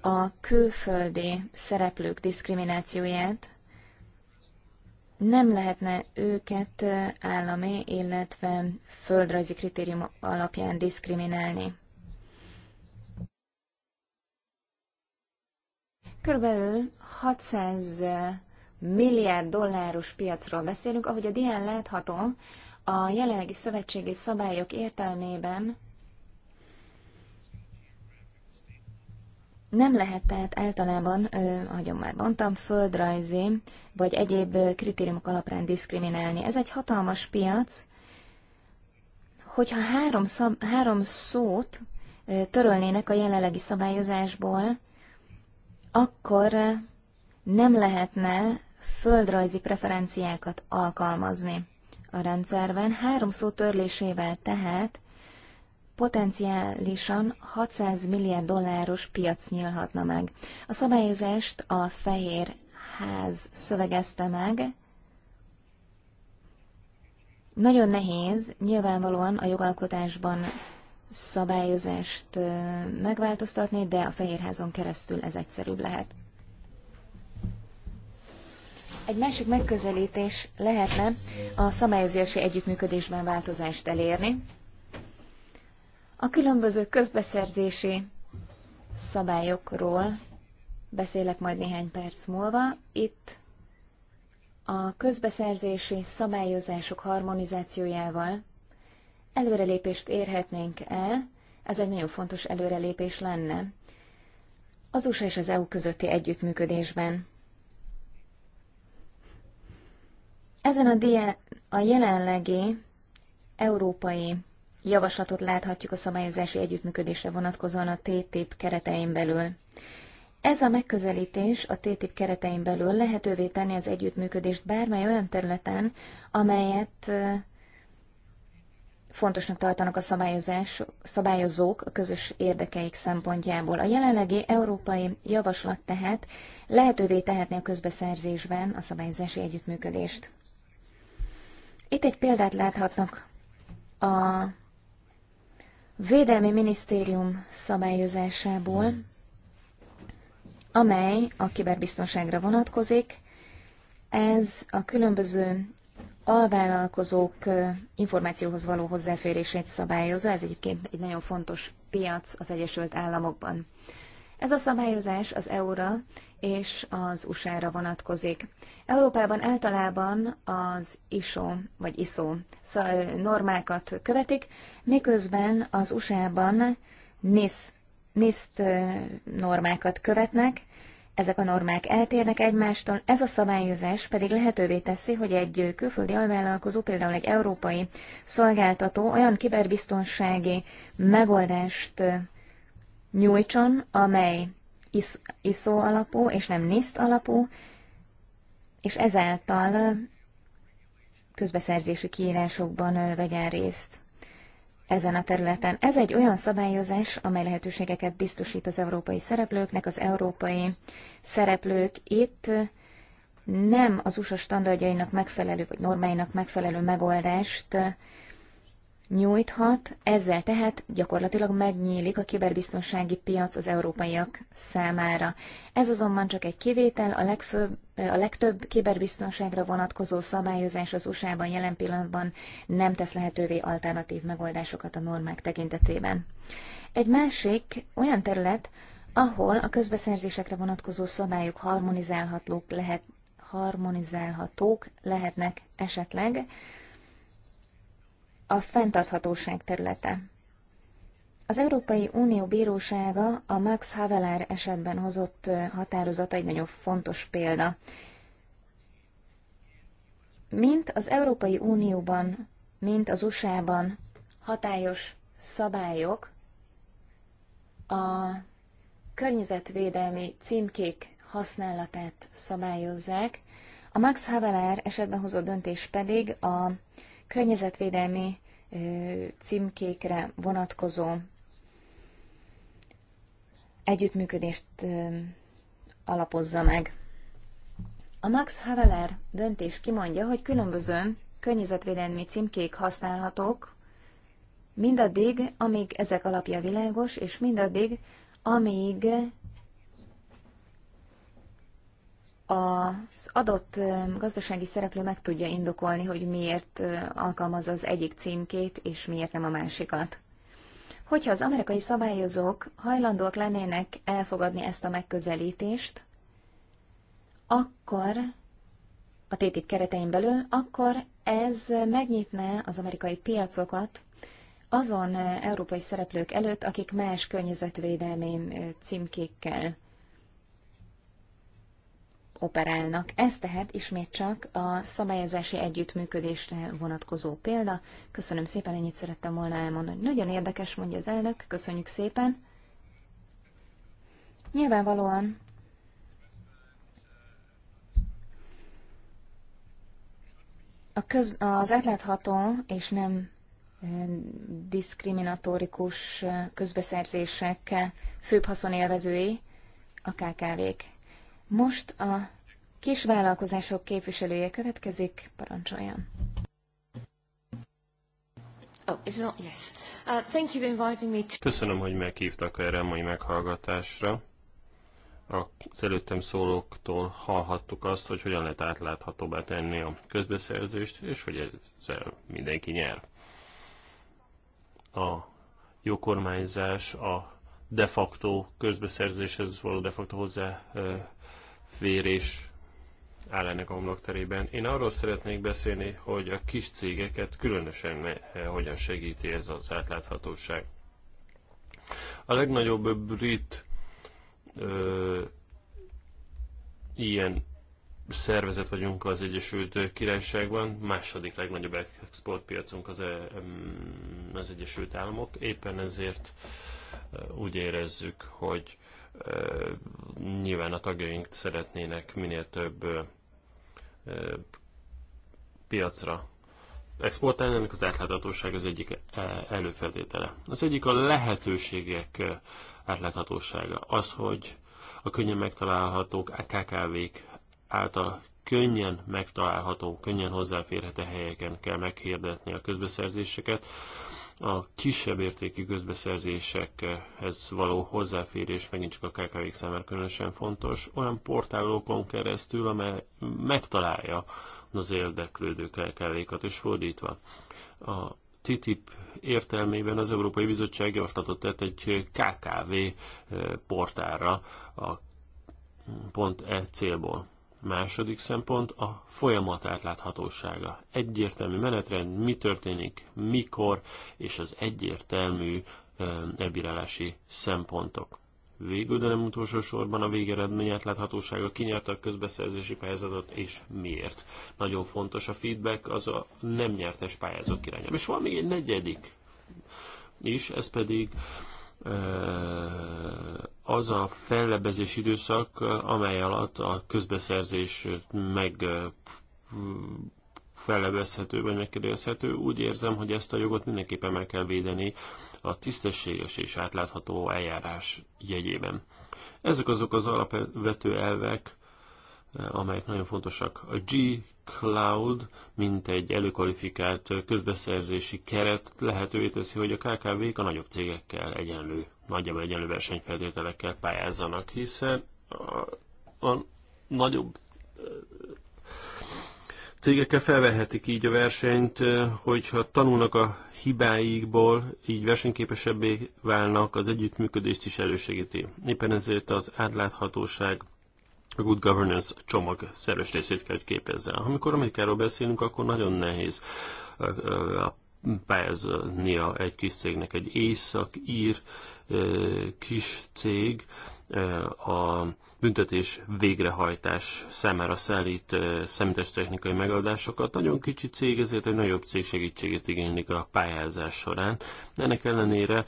a külföldi szereplők diszkriminációját, nem lehetne őket állami, illetve földrajzi kritérium alapján diszkriminálni. Körülbelül 600 milliárd dolláros piacról beszélünk, ahogy a dián látható, a jelenlegi szövetségi szabályok értelmében nem lehet tehát általában, ahogyan már mondtam, földrajzi vagy egyéb kritériumok alapján diszkriminálni. Ez egy hatalmas piac, hogyha három, szab, három szót törölnének a jelenlegi szabályozásból, akkor eh, nem lehetne földrajzi preferenciákat alkalmazni a rendszerben. Három szó törlésével tehát potenciálisan 600 milliárd dolláros piac nyílhatna meg. A szabályozást a Fehér Ház szövegezte meg. Nagyon nehéz nyilvánvalóan a jogalkotásban szabályozást megváltoztatni, de a Fehérházon keresztül ez egyszerűbb lehet. Egy másik megközelítés lehetne a szabályozási együttműködésben változást elérni. A különböző közbeszerzési szabályokról beszélek majd néhány perc múlva. Itt a közbeszerzési szabályozások harmonizációjával előrelépést érhetnénk el, ez egy nagyon fontos előrelépés lenne az USA és az EU közötti együttműködésben. Ezen a, die, a jelenlegi európai javaslatot láthatjuk a szabályozási együttműködésre vonatkozóan a TTIP keretein belül. Ez a megközelítés a TTIP keretein belül lehetővé tenni az együttműködést bármely olyan területen, amelyet fontosnak tartanak a szabályozás, szabályozók a közös érdekeik szempontjából. A jelenlegi európai javaslat tehát lehetővé tehetné a közbeszerzésben a szabályozási együttműködést. Itt egy példát láthatnak a Védelmi Minisztérium szabályozásából, amely a kiberbiztonságra vonatkozik. Ez a különböző alvállalkozók információhoz való hozzáférését szabályozza, ez egyébként egy nagyon fontos piac az Egyesült Államokban. Ez a szabályozás az EU-ra és az USA-ra vonatkozik. Európában általában az ISO vagy ISO normákat követik, miközben az USA-ban NIST normákat követnek, ezek a normák eltérnek egymástól, ez a szabályozás pedig lehetővé teszi, hogy egy külföldi alvállalkozó, például egy európai szolgáltató olyan kiberbiztonsági megoldást nyújtson, amely ISO alapú és nem NIST alapú, és ezáltal közbeszerzési kiírásokban vegyen részt ezen a területen. Ez egy olyan szabályozás, amely lehetőségeket biztosít az európai szereplőknek. Az európai szereplők itt nem az USA standardjainak megfelelő, vagy normáinak megfelelő megoldást nyújthat, ezzel tehát gyakorlatilag megnyílik a kiberbiztonsági piac az európaiak számára. Ez azonban csak egy kivétel, a, legfőbb, a legtöbb kiberbiztonságra vonatkozó szabályozás az USA-ban jelen pillanatban nem tesz lehetővé alternatív megoldásokat a normák tekintetében. Egy másik olyan terület, ahol a közbeszerzésekre vonatkozó szabályok harmonizálhatók, lehet, harmonizálhatók lehetnek esetleg, a fenntarthatóság területe. Az Európai Unió Bírósága a Max Havelar esetben hozott határozata egy nagyon fontos példa. Mint az Európai Unióban, mint az USA-ban hatályos szabályok a környezetvédelmi címkék használatát szabályozzák, a Max Havelar esetben hozott döntés pedig a környezetvédelmi címkékre vonatkozó együttműködést alapozza meg. A Max Haveler döntés kimondja, hogy különböző környezetvédelmi címkék használhatók, mindaddig, amíg ezek alapja világos, és mindaddig, amíg az adott gazdasági szereplő meg tudja indokolni, hogy miért alkalmazza az egyik címkét, és miért nem a másikat. Hogyha az amerikai szabályozók hajlandóak lennének elfogadni ezt a megközelítést, akkor a TTIP keretein belül, akkor ez megnyitne az amerikai piacokat azon európai szereplők előtt, akik más környezetvédelmi címkékkel operálnak. Ez tehát ismét csak a szabályozási együttműködésre vonatkozó példa. Köszönöm szépen, ennyit szerettem volna elmondani. Nagyon érdekes, mondja az elnök, köszönjük szépen. Nyilvánvalóan a köz, az átlátható és nem diszkriminatórikus közbeszerzések főbb haszonélvezői a KKV-k. Most a kisvállalkozások képviselője következik, parancsoljon. Oh, uh, Köszönöm, hogy meghívtak erre a mai meghallgatásra. Az előttem szólóktól hallhattuk azt, hogy hogyan lehet átláthatóbbá tenni a közbeszerzést, és hogy ezzel mindenki nyer. A jó kormányzás, a de facto közbeszerzéshez való de facto hozzá hozzáférés áll ennek a homlokterében. Én arról szeretnék beszélni, hogy a kis cégeket különösen eh, hogyan segíti ez az átláthatóság. A legnagyobb brit ö, ilyen szervezet vagyunk az Egyesült Királyságban, második legnagyobb exportpiacunk az, e- az Egyesült Államok, éppen ezért úgy érezzük, hogy Nyilván a tagjaink szeretnének minél több piacra exportálni, ennek az átláthatóság az egyik előfeltétele. Az egyik a lehetőségek átláthatósága. Az, hogy a könnyen megtalálhatók KKV-k által könnyen megtalálható, könnyen hozzáférhető helyeken kell meghirdetni a közbeszerzéseket a kisebb értékű közbeszerzésekhez való hozzáférés megint csak a kkv számára különösen fontos, olyan portálokon keresztül, amely megtalálja az érdeklődő KKV-kat, és fordítva. A TTIP értelmében az Európai Bizottság javaslatot tett egy KKV eh, portálra a e célból. Második szempont a folyamat átláthatósága. Egyértelmű menetrend, mi történik, mikor, és az egyértelmű elbírálási szempontok. Végül, de nem utolsó sorban a végeredmény átláthatósága kinyerte a közbeszerzési pályázatot, és miért. Nagyon fontos a feedback az a nem nyertes pályázók irányába. És van még egy negyedik is, ez pedig az a fellebezés időszak, amely alatt a közbeszerzés meg fellebezhető vagy megkérdezhető. Úgy érzem, hogy ezt a jogot mindenképpen meg kell védeni a tisztességes és átlátható eljárás jegyében. Ezek azok az alapvető elvek, amelyek nagyon fontosak. A G-Cloud, mint egy előkvalifikált közbeszerzési keret lehetővé teszi, hogy a KKV-k a nagyobb cégekkel egyenlő nagyjából egyenlő versenyfeltételekkel pályázzanak, hiszen a, a nagyobb cégekkel felvehetik így a versenyt, hogyha tanulnak a hibáikból, így versenyképesebbé válnak, az együttműködést is elősegíti. Éppen ezért az átláthatóság a good governance csomag szerves részét kell, hogy képezze. Amikor Amerikáról beszélünk, akkor nagyon nehéz a pályáznia egy kis cégnek, egy észak-ír kis cég a büntetés végrehajtás szemére szállít szemtes technikai megoldásokat. Nagyon kicsi cég, ezért egy nagyobb cég segítségét igénylik a pályázás során. Ennek ellenére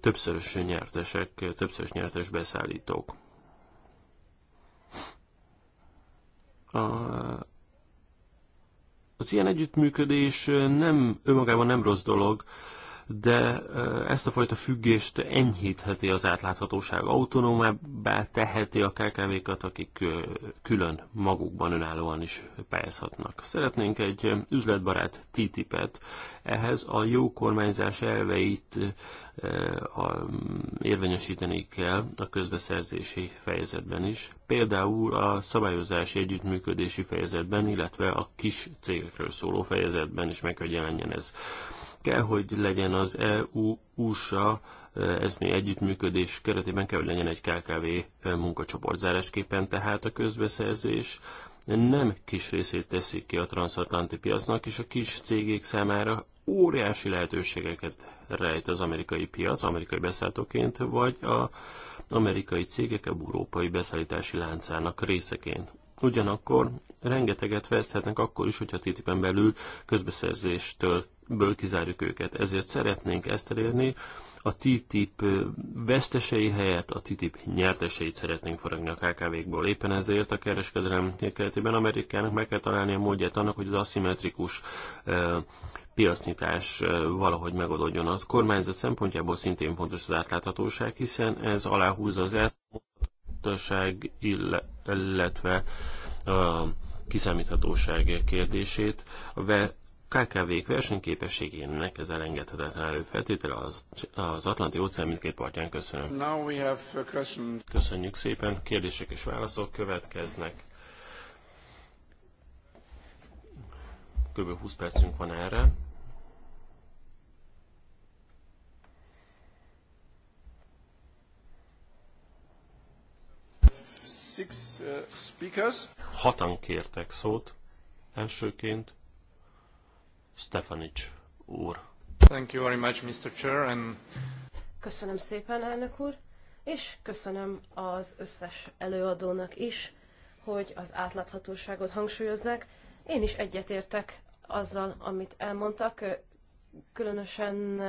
többszörös nyertesek, többszörös nyertes beszállítók. A az ilyen együttműködés nem, önmagában nem rossz dolog, de ezt a fajta függést enyhítheti az átláthatóság, autonómabbá teheti a KKV-kat, akik külön magukban önállóan is pályázhatnak. Szeretnénk egy üzletbarát TTIP-et, ehhez a jó kormányzás elveit érvényesíteni kell a közbeszerzési fejezetben is, például a szabályozási együttműködési fejezetben, illetve a kis cégekről szóló fejezetben is meg kell jelenjen ez kell, hogy legyen az EU-USA eh, mi együttműködés keretében kell, hogy legyen egy KKV eh, munkacsoport zárásképpen, tehát a közbeszerzés nem kis részét teszik ki a transatlanti piacnak, és a kis cégek számára óriási lehetőségeket rejt az amerikai piac, amerikai beszállítóként, vagy a amerikai cégek európai beszállítási láncának részeként. Ugyanakkor rengeteget veszthetnek akkor is, hogyha ttip belül közbeszerzéstől ből kizárjuk őket. Ezért szeretnénk ezt elérni, a TTIP vesztesei helyett a TTIP nyerteseit szeretnénk forogni a KKV-kból. Éppen ezért a kereskedelem keretében Amerikának meg kell találni a módját annak, hogy az aszimmetrikus piacnyitás valahogy megoldódjon. A kormányzat szempontjából szintén fontos az átláthatóság, hiszen ez aláhúzza az elszámolást, gazdaság, illetve a kiszámíthatóság kérdését. A KKV-k versenyképességének ez elengedhetetlen előfeltétele az, az Atlanti óceán mindkét partján. Köszönöm. Köszönjük szépen. Kérdések és válaszok következnek. Kb. 20 percünk van erre. six uh, speakers. Hatan kértek szót. Elsőként Stefanics úr. Thank you very much, Mr. Chair, and... Köszönöm szépen, elnök úr, és köszönöm az összes előadónak is, hogy az átláthatóságot hangsúlyozzák. Én is egyetértek azzal, amit elmondtak, különösen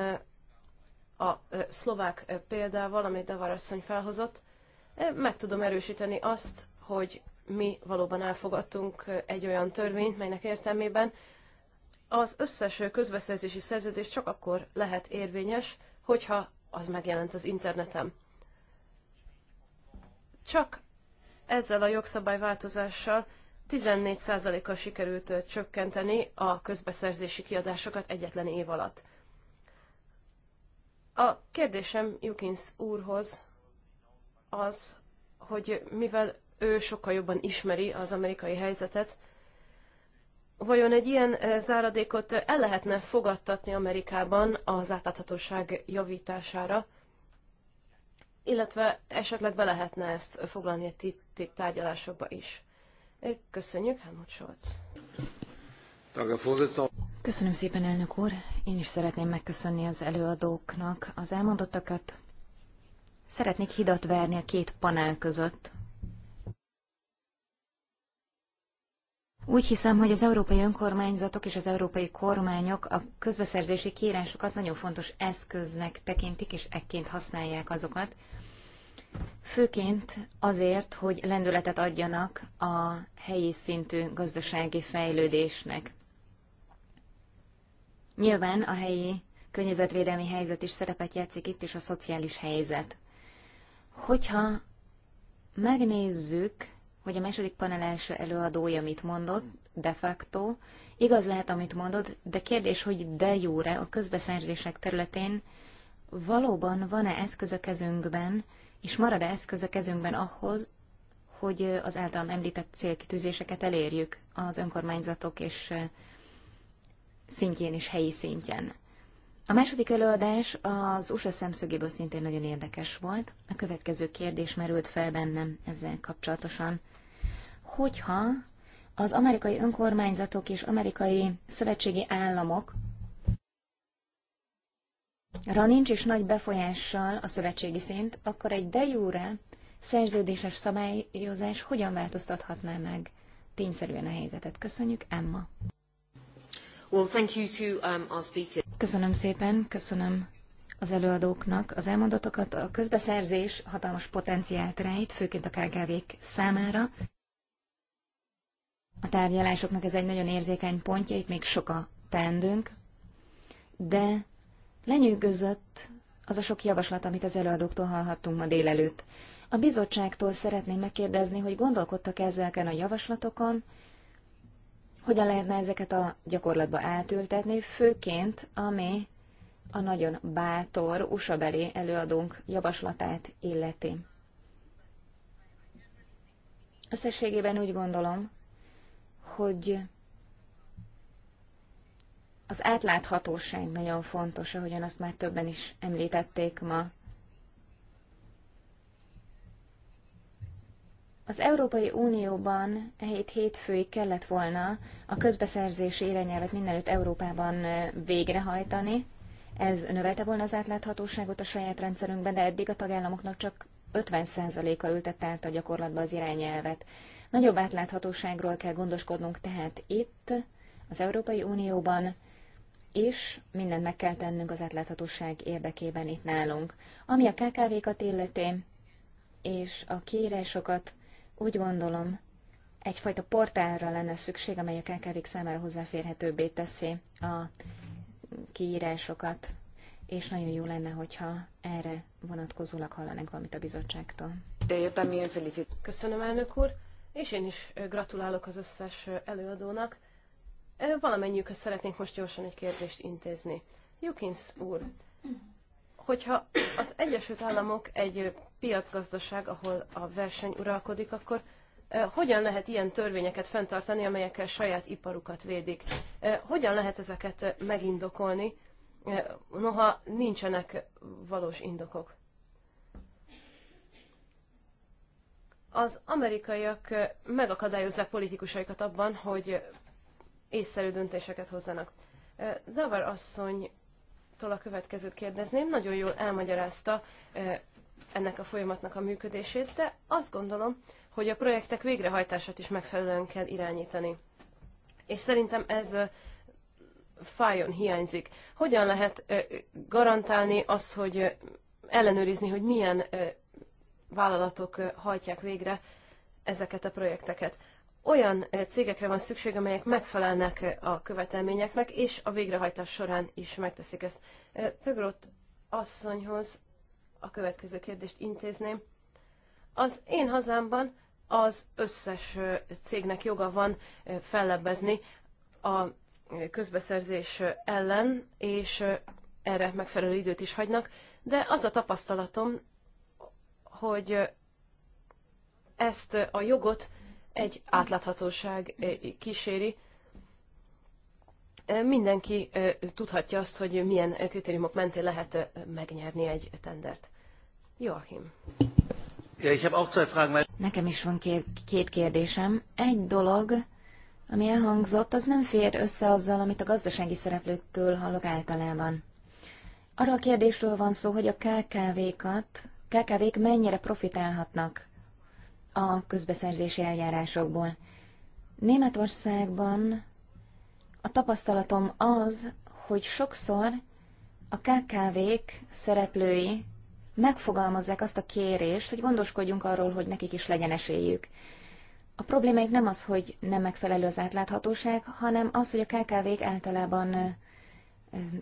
a szlovák példával, amit Davar asszony felhozott meg tudom erősíteni azt, hogy mi valóban elfogadtunk egy olyan törvényt, melynek értelmében az összes közbeszerzési szerződés csak akkor lehet érvényes, hogyha az megjelent az interneten. Csak ezzel a jogszabályváltozással 14%-kal sikerült csökkenteni a közbeszerzési kiadásokat egyetlen év alatt. A kérdésem Jukins úrhoz az, hogy mivel ő sokkal jobban ismeri az amerikai helyzetet, vajon egy ilyen eh, záradékot el lehetne fogadtatni Amerikában az átláthatóság javítására, illetve esetleg be lehetne ezt foglalni a TTIP tárgyalásokba is. Eh, köszönjük, Helmut Scholz. Köszönöm szépen, elnök úr. Én is szeretném megköszönni az előadóknak az elmondottakat. Szeretnék hidat verni a két panel között. Úgy hiszem, hogy az európai önkormányzatok és az európai kormányok a közbeszerzési kiírásokat nagyon fontos eszköznek tekintik, és ekként használják azokat. Főként azért, hogy lendületet adjanak a helyi szintű gazdasági fejlődésnek. Nyilván a helyi környezetvédelmi helyzet is szerepet játszik itt, és a szociális helyzet. Hogyha megnézzük, hogy a második panel első előadója mit mondott, de facto, igaz lehet, amit mondod, de kérdés, hogy de jóre a közbeszerzések területén valóban van-e eszköz a kezünkben, és marad-e eszköz a kezünkben ahhoz, hogy az általam említett célkitűzéseket elérjük az önkormányzatok és szintjén és helyi szintjén. A második előadás az USA szemszögéből szintén nagyon érdekes volt. A következő kérdés merült fel bennem ezzel kapcsolatosan. Hogyha az amerikai önkormányzatok és amerikai szövetségi államok Ra nincs is nagy befolyással a szövetségi szint, akkor egy de jure szerződéses szabályozás hogyan változtathatná meg tényszerűen a helyzetet? Köszönjük, Emma. Well, thank you to, um, our speaker. Köszönöm szépen, köszönöm az előadóknak az elmondatokat. A közbeszerzés hatalmas potenciált rejt, főként a KKV-k számára. A tárgyalásoknak ez egy nagyon érzékeny pontja, itt még sok a teendőnk, de lenyűgözött az a sok javaslat, amit az előadóktól hallhattunk ma délelőtt. A bizottságtól szeretném megkérdezni, hogy gondolkodtak -e ezeken a javaslatokon, hogyan lehetne ezeket a gyakorlatba átültetni, főként ami a nagyon bátor usa előadónk javaslatát illeti. Összességében úgy gondolom, hogy az átláthatóság nagyon fontos, ahogyan azt már többen is említették ma. Az Európai Unióban hét hétfőig kellett volna a közbeszerzési irányelvet mindenütt Európában végrehajtani. Ez növelte volna az átláthatóságot a saját rendszerünkben, de eddig a tagállamoknak csak 50%-a ültette át a gyakorlatba az irányelvet. Nagyobb átláthatóságról kell gondoskodnunk tehát itt, az Európai Unióban, és mindent meg kell tennünk az átláthatóság érdekében itt nálunk. Ami a KKV-kat illeti, és a kiírásokat, úgy gondolom, egyfajta portálra lenne szükség, amely a kkv számára hozzáférhetőbbé teszi a kiírásokat, és nagyon jó lenne, hogyha erre vonatkozólag hallanánk valamit a bizottságtól. Köszönöm, elnök úr, és én is gratulálok az összes előadónak. Valamennyiükhöz szeretnék most gyorsan egy kérdést intézni. Jukins úr, hogyha az Egyesült Államok egy piacgazdaság, ahol a verseny uralkodik, akkor eh, hogyan lehet ilyen törvényeket fenntartani, amelyekkel saját iparukat védik? Eh, hogyan lehet ezeket eh, megindokolni, noha nincsenek valós indokok? Az amerikaiak megakadályozzák politikusaikat abban, hogy észszerű döntéseket hozzanak. Davar asszonytól a következőt kérdezném. Nagyon jól elmagyarázta ennek a folyamatnak a működését, de azt gondolom, hogy a projektek végrehajtását is megfelelően kell irányítani. És szerintem ez fájon hiányzik. Hogyan lehet garantálni azt, hogy ellenőrizni, hogy milyen vállalatok hajtják végre ezeket a projekteket? Olyan cégekre van szükség, amelyek megfelelnek a követelményeknek, és a végrehajtás során is megteszik ezt. Tögrott asszonyhoz a következő kérdést intézném. Az én hazámban az összes cégnek joga van fellebbezni a közbeszerzés ellen, és erre megfelelő időt is hagynak, de az a tapasztalatom, hogy ezt a jogot egy átláthatóság kíséri, mindenki tudhatja azt, hogy milyen kritériumok mentén lehet megnyerni egy tendert. Joachim. Nekem is van két kérdésem. Egy dolog, ami elhangzott, az nem fér össze azzal, amit a gazdasági szereplőktől hallok általában. Arra a kérdésről van szó, hogy a KKV-kat, KKV-k mennyire profitálhatnak a közbeszerzési eljárásokból. Németországban a tapasztalatom az, hogy sokszor a KKV-k szereplői megfogalmazzák azt a kérést, hogy gondoskodjunk arról, hogy nekik is legyen esélyük. A problémáik nem az, hogy nem megfelelő az átláthatóság, hanem az, hogy a KKV-k általában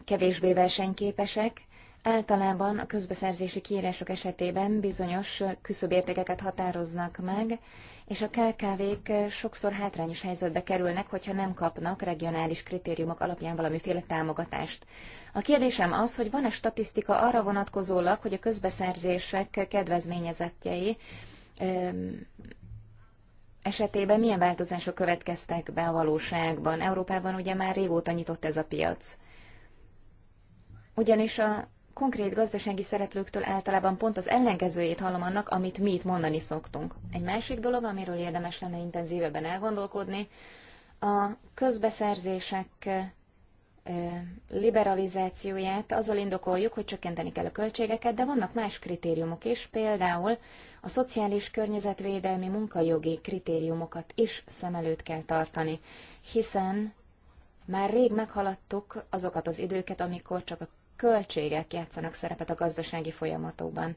kevésbé versenyképesek, általában a közbeszerzési kiírások esetében bizonyos küszöbértékeket határoznak meg, és a KKV-k eh, sokszor hátrányos helyzetbe kerülnek, hogyha nem kapnak regionális kritériumok alapján valamiféle támogatást. A kérdésem az, hogy van-e statisztika arra vonatkozólag, hogy a közbeszerzések kedvezményezettjei esetében milyen változások következtek be a valóságban? Európában ugye már régóta nyitott ez a piac. Ugyanis a konkrét gazdasági szereplőktől általában pont az ellenkezőjét hallom annak, amit mi itt mondani szoktunk. Egy másik dolog, amiről érdemes lenne intenzívebben elgondolkodni, a közbeszerzések liberalizációját azzal indokoljuk, hogy csökkenteni kell a költségeket, de vannak más kritériumok is, például a szociális környezetvédelmi munkajogi kritériumokat is szem előtt kell tartani, hiszen már rég meghaladtuk azokat az időket, amikor csak a költségek játszanak szerepet a gazdasági folyamatokban.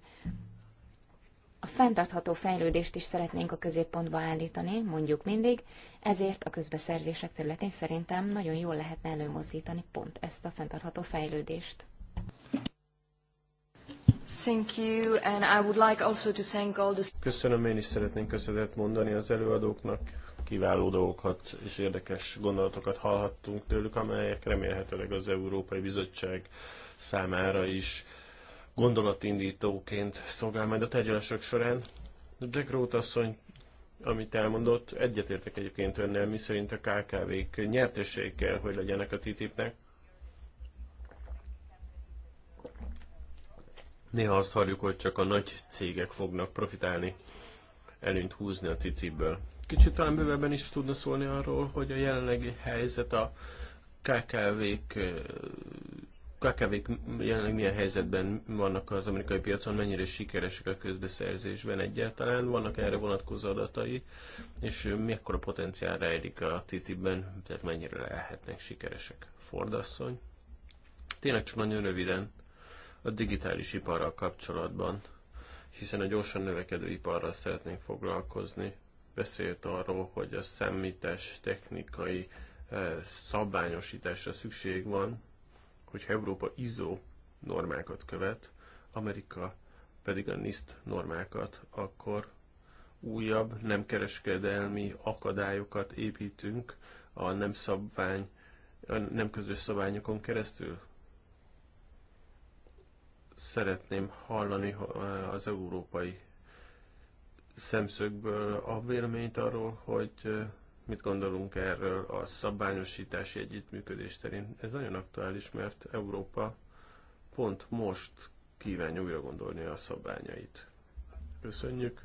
A fenntartható fejlődést is szeretnénk a középpontba állítani, mondjuk mindig, ezért a közbeszerzések területén szerintem nagyon jól lehetne előmozdítani pont ezt a fenntartható fejlődést. Thank you, and I would like also to thank all the... Köszönöm, én is szeretnénk köszönetet mondani az előadóknak. Kiváló dolgokat és érdekes gondolatokat hallhattunk tőlük, amelyek remélhetőleg az Európai Bizottság számára is gondolatindítóként szolgál majd a tárgyalások során. De Grót asszony, amit elmondott, egyetértek egyébként önnel, miszerint a KKV-k nyertesség hogy legyenek a TTIP-nek. Néha azt halljuk, hogy csak a nagy cégek fognak profitálni, előnyt húzni a TTIP-ből. Kicsit talán bővebben is tudna szólni arról, hogy a jelenlegi helyzet a KKV-k KKV-k jelenleg milyen helyzetben vannak az amerikai piacon, mennyire sikeresek a közbeszerzésben egyáltalán, vannak erre vonatkozó adatai, és mekkora potenciál rejlik a TTIP-ben, tehát mennyire lehetnek sikeresek. Fordasszony. Tényleg csak nagyon röviden a digitális iparral kapcsolatban, hiszen a gyorsan növekedő iparral szeretnénk foglalkozni. Beszélt arról, hogy a számítás technikai eh, szabványosításra szükség van, hogyha Európa izó normákat követ, Amerika pedig a NIST normákat, akkor újabb nem kereskedelmi akadályokat építünk a nem szabvány, a nem közös szabványokon keresztül. Szeretném hallani az európai szemszögből a véleményt arról, hogy mit gondolunk erről a szabványosítási együttműködés terén. Ez nagyon aktuális, mert Európa pont most kívánja újra gondolni a szabványait. Köszönjük.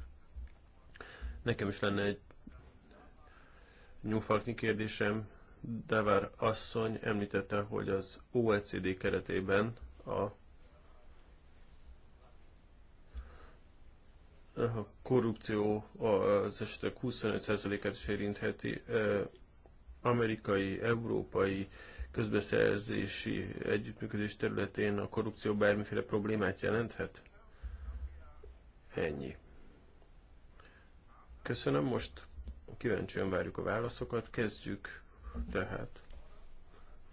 Nekem is lenne egy nyúfalkni kérdésem. Devar asszony említette, hogy az OECD keretében a a korrupció az esetek 25 et is érintheti amerikai, európai közbeszerzési együttműködés területén a korrupció bármiféle problémát jelenthet? Ennyi. Köszönöm, most kíváncsian várjuk a válaszokat. Kezdjük tehát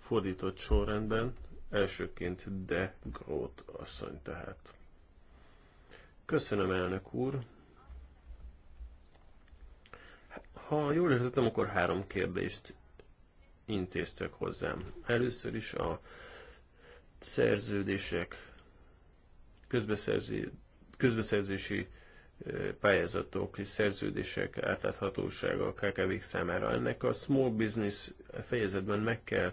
fordított sorrendben. Elsőként de Grót asszony tehát. Köszönöm, elnök úr. Ha jól értettem, akkor három kérdést intéztek hozzám. Először is a szerződések, közbeszerzi, közbeszerzési eh, pályázatok és szerződések átláthatósága a kkv számára. Ennek a Small Business fejezetben meg kell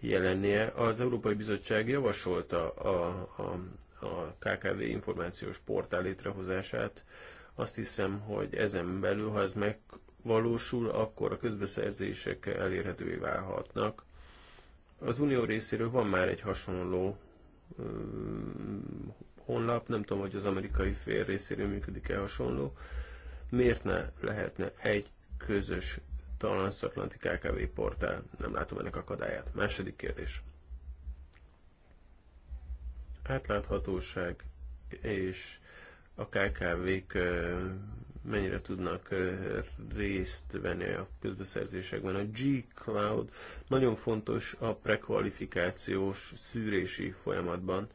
jelennie. Az Európai Bizottság javasolta a, a a KKV információs portál létrehozását. Azt hiszem, hogy ezen belül, ha ez megvalósul, akkor a közbeszerzések elérhetővé válhatnak. Az Unió részéről van már egy hasonló honlap, nem tudom, hogy az amerikai fél részéről működik-e hasonló. Miért ne lehetne egy közös transatlanti KKV portál? Nem látom ennek akadályát. Második kérdés átláthatóság és a KKV-k mennyire tudnak részt venni a közbeszerzésekben. A G-Cloud nagyon fontos a prekvalifikációs szűrési folyamatban.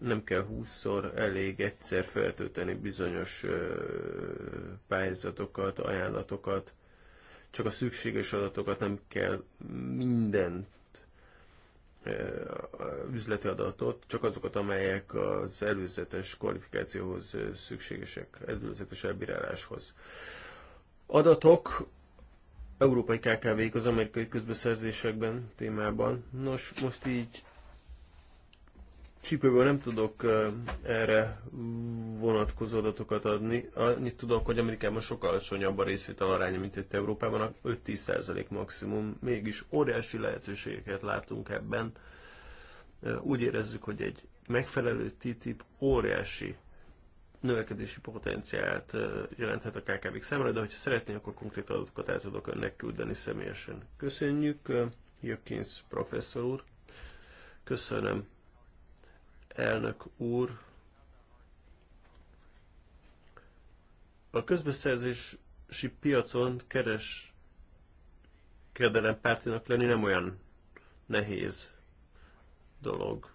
Nem kell 20-szor, elég egyszer feltölteni bizonyos pályázatokat, ajánlatokat, csak a szükséges adatokat nem kell minden Eh, üzleti adatot, csak azokat, amelyek az előzetes kvalifikációhoz eh, szükségesek, előzetes elbíráláshoz. Adatok európai KKV-k az amerikai közbeszerzésekben témában. Nos, most így csípőből nem tudok erre vonatkozó adatokat adni. Annyit tudok, hogy Amerikában sokkal alacsonyabb a részvétel aránya, mint itt Európában, 5-10% maximum. Mégis óriási lehetőségeket látunk ebben. Úgy érezzük, hogy egy megfelelő TTIP óriási növekedési potenciált jelenthet a kkv számára, de hogyha szeretné, akkor konkrét adatokat el tudok önnek küldeni személyesen. Köszönjük, Jökins professzor úr. Köszönöm elnök úr. A közbeszerzési piacon kereskedelem pártinak lenni nem olyan nehéz dolog.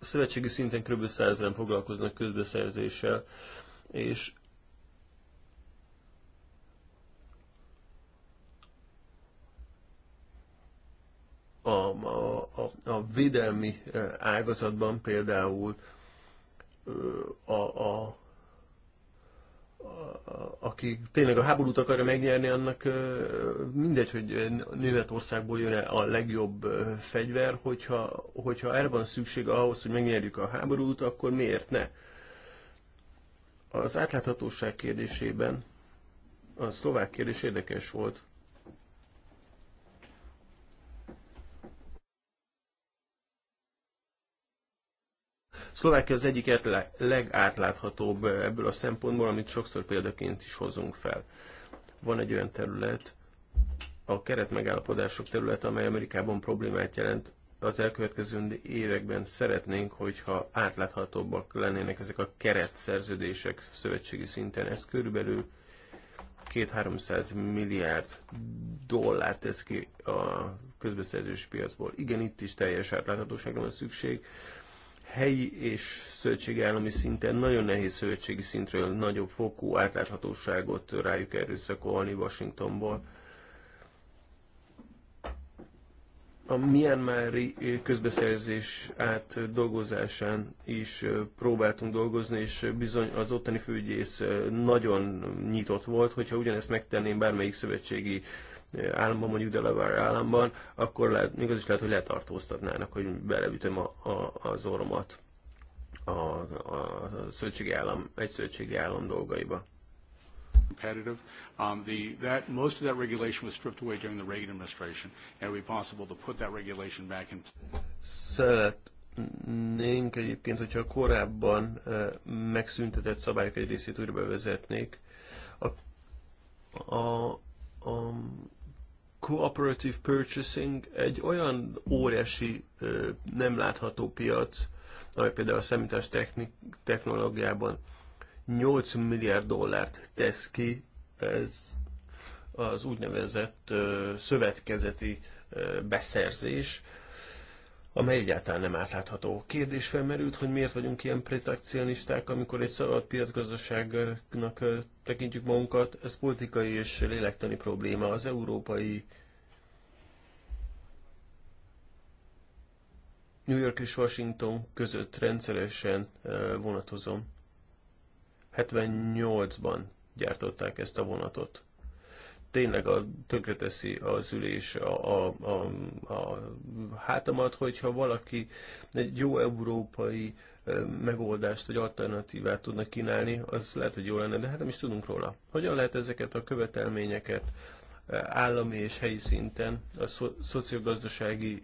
A szövetségi szinten kb. 100 foglalkoznak közbeszerzéssel, és védelmi ágazatban például a, a aki tényleg a háborút akarja megnyerni, annak mindegy, hogy Németországból jön -e a legjobb fegyver, hogyha, hogyha erre van szükség ahhoz, hogy megnyerjük a háborút, akkor miért ne? Az átláthatóság kérdésében a szlovák kérdés érdekes volt. Szlovákia az egyik legátláthatóbb ebből a szempontból, amit sokszor példaként is hozunk fel. Van egy olyan terület, a keretmegállapodások terület, amely Amerikában problémát jelent. Az elkövetkező években szeretnénk, hogyha átláthatóbbak lennének ezek a keretszerződések szövetségi szinten. Ez körülbelül 2-300 milliárd dollár tesz ki a közbeszerzési piacból. Igen, itt is teljes átláthatóságra van szükség helyi és szövetségi állami szinten nagyon nehéz szövetségi szintről nagyobb fokú átláthatóságot rájuk erőszakolni Washingtonból. A Myanmar-i közbeszerzés át is próbáltunk dolgozni, és bizony az ottani főügyész nagyon nyitott volt, hogyha ugyanezt megtenném bármelyik szövetségi államban, mondjuk Delaware államban, akkor lehet, még az is lehet, hogy letartóztatnának, hogy beleütöm a, a, az orromat a, a szövetségi állam, egy szövetségi állam dolgaiba. Competitive. Um, the, that, most of that regulation was stripped away during the Reagan administration, and it would be possible to put that regulation back in. Szeret, szeretnénk egyébként, hogyha korábban uh, megszüntetett szabályok egy részét újra bevezetnék, a, a, a cooperative purchasing egy olyan óriási, nem látható piac, amely például a szemítás technológiában 8 milliárd dollárt tesz ki, ez az úgynevezett szövetkezeti beszerzés, amely egyáltalán nem átlátható. Kérdés felmerült, hogy miért vagyunk ilyen protekcionisták, amikor egy szabad piacgazdaságnak tekintjük magunkat. Ez politikai és lélektani probléma. Az európai New York és Washington között rendszeresen vonatozom. 78-ban gyártották ezt a vonatot tényleg a, tönkreteszi az ülés a, a, a, a hátamat, hogyha valaki egy jó európai megoldást vagy alternatívát tudna kínálni, az lehet, hogy jó lenne, de hát nem is tudunk róla. Hogyan lehet ezeket a követelményeket állami és helyi szinten a szo szociogazdasági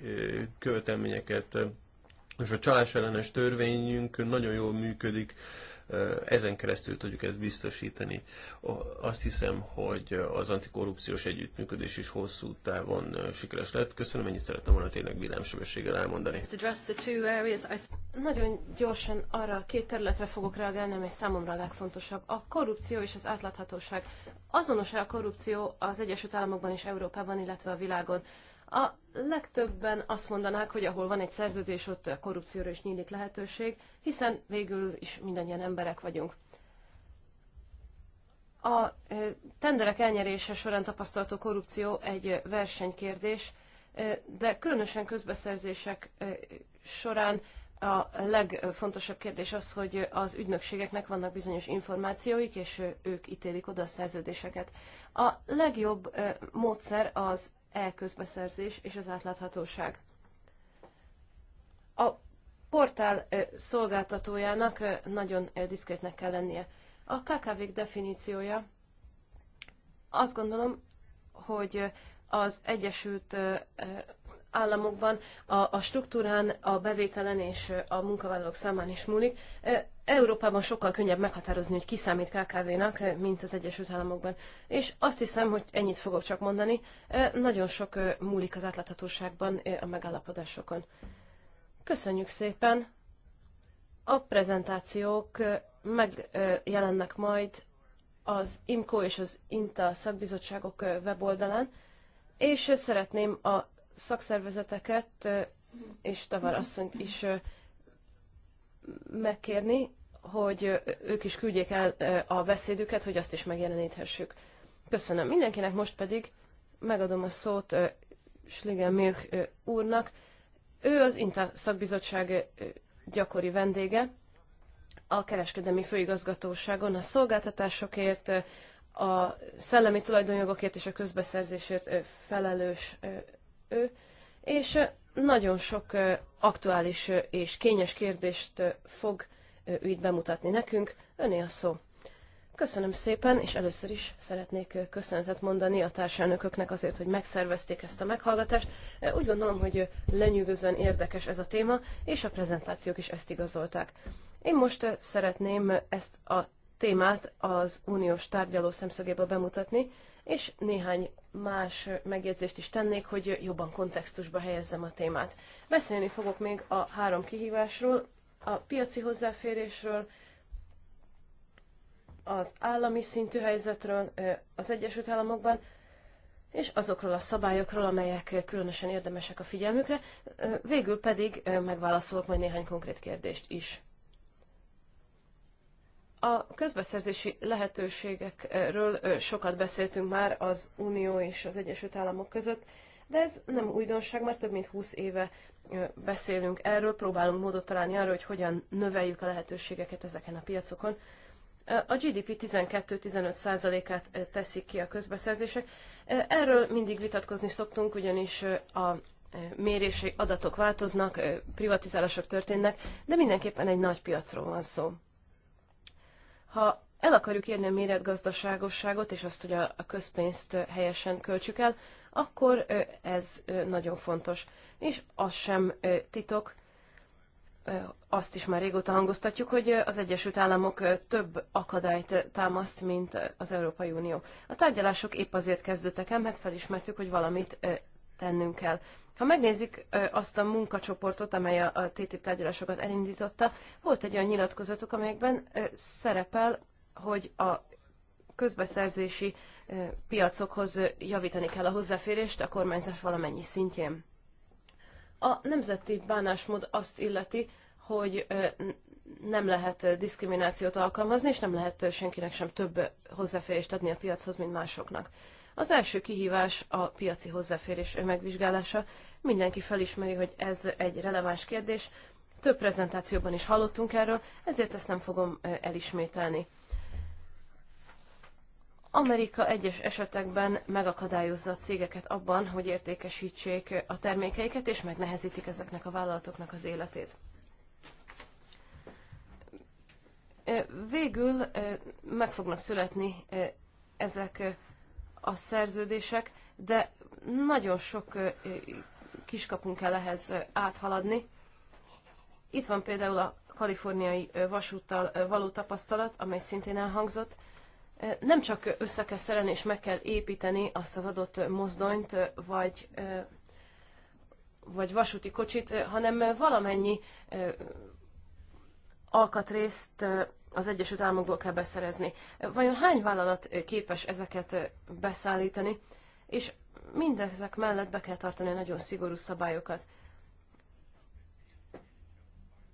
követelményeket és a csalás ellenes törvényünk nagyon jól működik, ezen keresztül tudjuk ezt biztosítani. Azt hiszem, hogy az antikorrupciós együttműködés is hosszú távon sikeres lett. Köszönöm, ennyit szerettem volna tényleg villámsebességgel elmondani. Nagyon gyorsan arra a két területre fogok reagálni, ami számomra a legfontosabb. A korrupció és az átláthatóság. Azonos-e a korrupció az Egyesült Államokban és Európában, illetve a világon? A legtöbben azt mondanák, hogy ahol van egy szerződés, ott a korrupcióra is nyílik lehetőség, hiszen végül is mindannyian emberek vagyunk. A tenderek elnyerése során tapasztalható korrupció egy versenykérdés, de különösen közbeszerzések során a legfontosabb kérdés az, hogy az ügynökségeknek vannak bizonyos információik, és ők ítélik oda a szerződéseket. A legjobb módszer az e-közbeszerzés és az átláthatóság. A portál szolgáltatójának nagyon diszkrétnek kell lennie. A kkv definíciója azt gondolom, hogy az Egyesült államokban a, a struktúrán, a bevételen és a munkavállalók számán is múlik. Európában sokkal könnyebb meghatározni, hogy ki számít KKV-nak, mint az Egyesült Államokban. És azt hiszem, hogy ennyit fogok csak mondani. Nagyon sok múlik az átláthatóságban a megállapodásokon. Köszönjük szépen! A prezentációk megjelennek majd az IMCO és az INTA szakbizottságok weboldalán, és szeretném a szakszervezeteket és tavarasszonyt is megkérni, hogy ők is küldjék el a beszédüket, hogy azt is megjeleníthessük. Köszönöm mindenkinek, most pedig megadom a szót Schligen Milch úrnak. Ő az INTA szakbizottság gyakori vendége a kereskedelmi főigazgatóságon a szolgáltatásokért, a szellemi tulajdonjogokért és a közbeszerzésért felelős ő, és nagyon sok aktuális és kényes kérdést fog ő itt bemutatni nekünk. Öné a szó. Köszönöm szépen, és először is szeretnék köszönetet mondani a társelnököknek azért, hogy megszervezték ezt a meghallgatást. Úgy gondolom, hogy lenyűgözően érdekes ez a téma, és a prezentációk is ezt igazolták. Én most szeretném ezt a témát az uniós tárgyaló szemszögéből bemutatni, és néhány más megjegyzést is tennék, hogy jobban kontextusba helyezzem a témát. Beszélni fogok még a három kihívásról, a piaci hozzáférésről, az állami szintű helyzetről az Egyesült Államokban, és azokról a szabályokról, amelyek különösen érdemesek a figyelmükre. Végül pedig megválaszolok majd néhány konkrét kérdést is. A közbeszerzési lehetőségekről sokat beszéltünk már az Unió és az Egyesült Államok között, de ez nem újdonság, mert több mint 20 éve beszélünk erről, próbálunk módot találni arra, hogy hogyan növeljük a lehetőségeket ezeken a piacokon. A GDP 12-15%-át teszik ki a közbeszerzések. Erről mindig vitatkozni szoktunk, ugyanis a mérési adatok változnak, privatizálások történnek, de mindenképpen egy nagy piacról van szó. Ha el akarjuk érni a méretgazdaságosságot, és azt, hogy a, közpénzt helyesen költsük el, akkor ez nagyon fontos. És az sem titok, azt is már régóta hangoztatjuk, hogy az Egyesült Államok több akadályt támaszt, mint az Európai Unió. A tárgyalások épp azért kezdődtek el, mert felismertük, hogy valamit tennünk kell. Ha megnézik azt a munkacsoportot, amely a TTIP tárgyalásokat elindította, volt egy olyan nyilatkozatok, amelyekben szerepel, hogy a közbeszerzési piacokhoz javítani kell a hozzáférést a kormányzás valamennyi szintjén. A nemzeti bánásmód azt illeti, hogy nem lehet diszkriminációt alkalmazni, és nem lehet senkinek sem több hozzáférést adni a piachoz, mint másoknak. Az első kihívás a piaci hozzáférés megvizsgálása. Mindenki felismeri, hogy ez egy releváns kérdés. Több prezentációban is hallottunk erről, ezért ezt nem fogom elismételni. Amerika egyes esetekben megakadályozza a cégeket abban, hogy értékesítsék a termékeiket, és megnehezítik ezeknek a vállalatoknak az életét. Végül meg fognak születni ezek a szerződések, de nagyon sok kiskapunk kell ehhez áthaladni. Itt van például a kaliforniai vasúttal való tapasztalat, amely szintén elhangzott. Nem csak össze kell szerelni és meg kell építeni azt az adott mozdonyt, vagy vagy vasúti kocsit, hanem valamennyi alkatrészt az Egyesült Államokból kell beszerezni. Vajon hány vállalat képes ezeket beszállítani, és mindezek mellett be kell tartani nagyon szigorú szabályokat.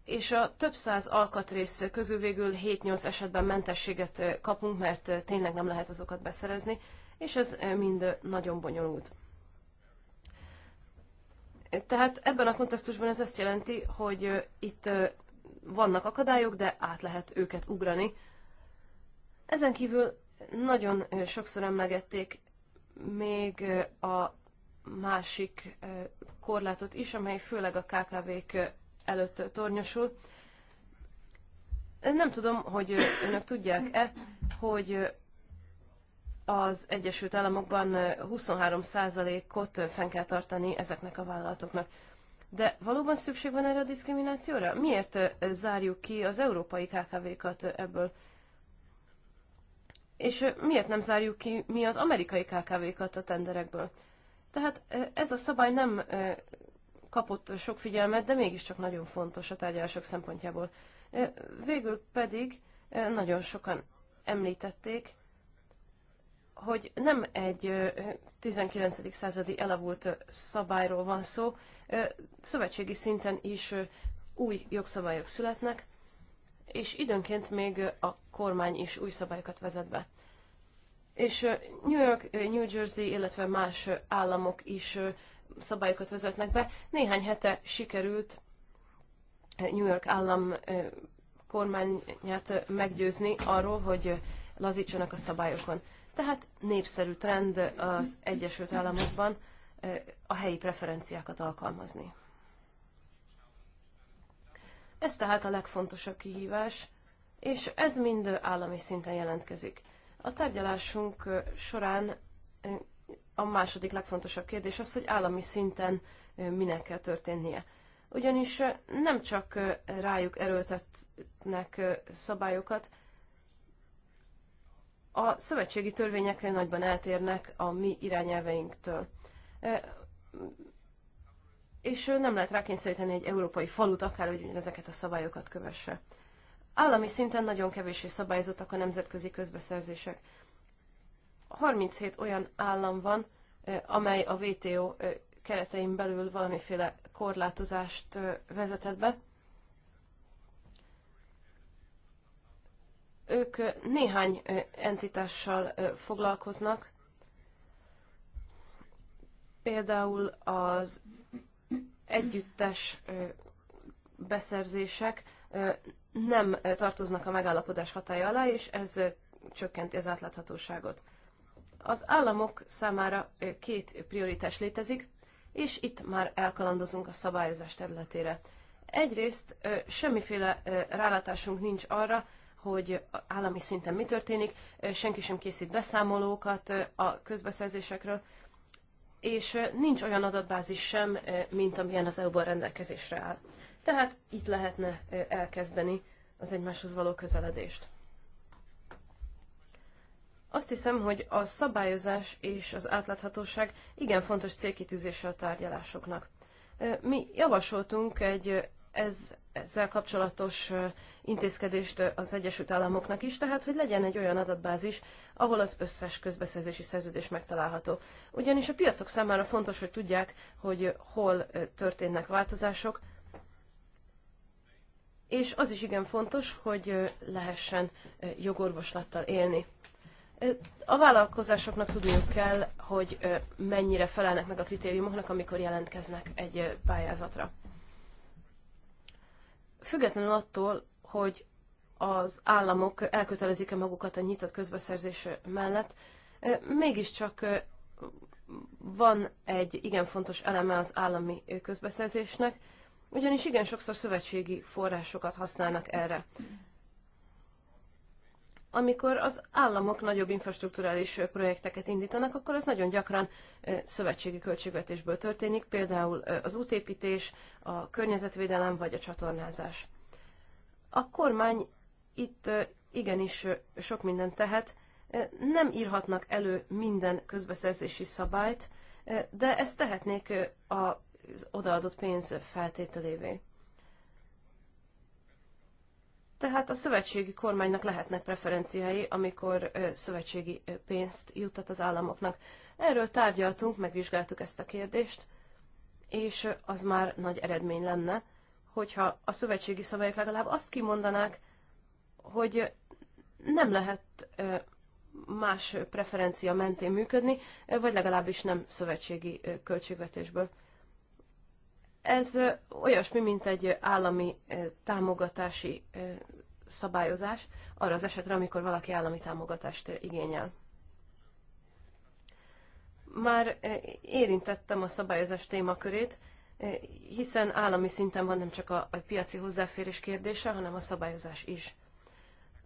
És a több száz alkatrész közül végül 7-8 esetben mentességet kapunk, mert tényleg nem lehet azokat beszerezni, és ez mind nagyon bonyolult. Tehát ebben a kontextusban ez azt jelenti, hogy itt vannak akadályok, de át lehet őket ugrani. Ezen kívül nagyon sokszor emlegették még a másik korlátot is, amely főleg a KKV-k előtt tornyosul. Nem tudom, hogy önök tudják-e, hogy az Egyesült Államokban 23%-ot fenn kell tartani ezeknek a vállalatoknak. De valóban szükség van erre a diszkriminációra? Miért zárjuk ki az európai KKV-kat ebből? És miért nem zárjuk ki mi az amerikai KKV-kat a tenderekből? Tehát ez a szabály nem kapott sok figyelmet, de mégiscsak nagyon fontos a tárgyalások szempontjából. Végül pedig nagyon sokan említették, hogy nem egy 19. századi elavult szabályról van szó, szövetségi szinten is új jogszabályok születnek, és időnként még a kormány is új szabályokat vezet be. És New York, New Jersey, illetve más államok is szabályokat vezetnek be. Néhány hete sikerült New York állam kormányát meggyőzni arról, hogy lazítsanak a szabályokon. Tehát népszerű trend az Egyesült Államokban, a helyi preferenciákat alkalmazni. Ez tehát a legfontosabb kihívás, és ez mind állami szinten jelentkezik. A tárgyalásunk során a második legfontosabb kérdés az, hogy állami szinten minek kell történnie. Ugyanis nem csak rájuk erőltetnek szabályokat, a szövetségi törvények nagyban eltérnek a mi irányelveinktől és nem lehet rákényszeríteni egy európai falut, akár hogy ezeket a szabályokat kövesse. Állami szinten nagyon kevéssé szabályozottak a nemzetközi közbeszerzések. 37 olyan állam van, amely a WTO keretein belül valamiféle korlátozást vezetett be. Ők néhány entitással foglalkoznak, Például az együttes beszerzések nem tartoznak a megállapodás hatája alá, és ez csökkenti az átláthatóságot. Az államok számára két prioritás létezik, és itt már elkalandozunk a szabályozás területére. Egyrészt semmiféle rálátásunk nincs arra, hogy állami szinten mi történik, senki sem készít beszámolókat a közbeszerzésekről, és nincs olyan adatbázis sem, mint amilyen az EU-ban rendelkezésre áll. Tehát itt lehetne elkezdeni az egymáshoz való közeledést. Azt hiszem, hogy a szabályozás és az átláthatóság igen fontos célkitűzése a tárgyalásoknak. Mi javasoltunk egy ez ezzel kapcsolatos intézkedést az Egyesült Államoknak is, tehát hogy legyen egy olyan adatbázis, ahol az összes közbeszerzési szerződés megtalálható. Ugyanis a piacok számára fontos, hogy tudják, hogy hol történnek változások, és az is igen fontos, hogy lehessen jogorvoslattal élni. A vállalkozásoknak tudniuk kell, hogy mennyire felelnek meg a kritériumoknak, amikor jelentkeznek egy pályázatra. Függetlenül attól, hogy az államok elkötelezik-e magukat a nyitott közbeszerzés mellett, mégiscsak van egy igen fontos eleme az állami közbeszerzésnek, ugyanis igen sokszor szövetségi forrásokat használnak erre amikor az államok nagyobb infrastruktúrális projekteket indítanak, akkor ez nagyon gyakran szövetségi költségvetésből történik, például az útépítés, a környezetvédelem vagy a csatornázás. A kormány itt igenis sok mindent tehet, nem írhatnak elő minden közbeszerzési szabályt, de ezt tehetnék az odaadott pénz feltételévé. Tehát a szövetségi kormánynak lehetnek preferenciái, amikor szövetségi pénzt juttat az államoknak. Erről tárgyaltunk, megvizsgáltuk ezt a kérdést, és az már nagy eredmény lenne, hogyha a szövetségi szabályok legalább azt kimondanák, hogy nem lehet más preferencia mentén működni, vagy legalábbis nem szövetségi költségvetésből. Ez olyasmi, mint egy állami támogatási szabályozás arra az esetre, amikor valaki állami támogatást igényel. Már érintettem a szabályozás témakörét, hiszen állami szinten van nem csak a, piaci hozzáférés kérdése, hanem a szabályozás is.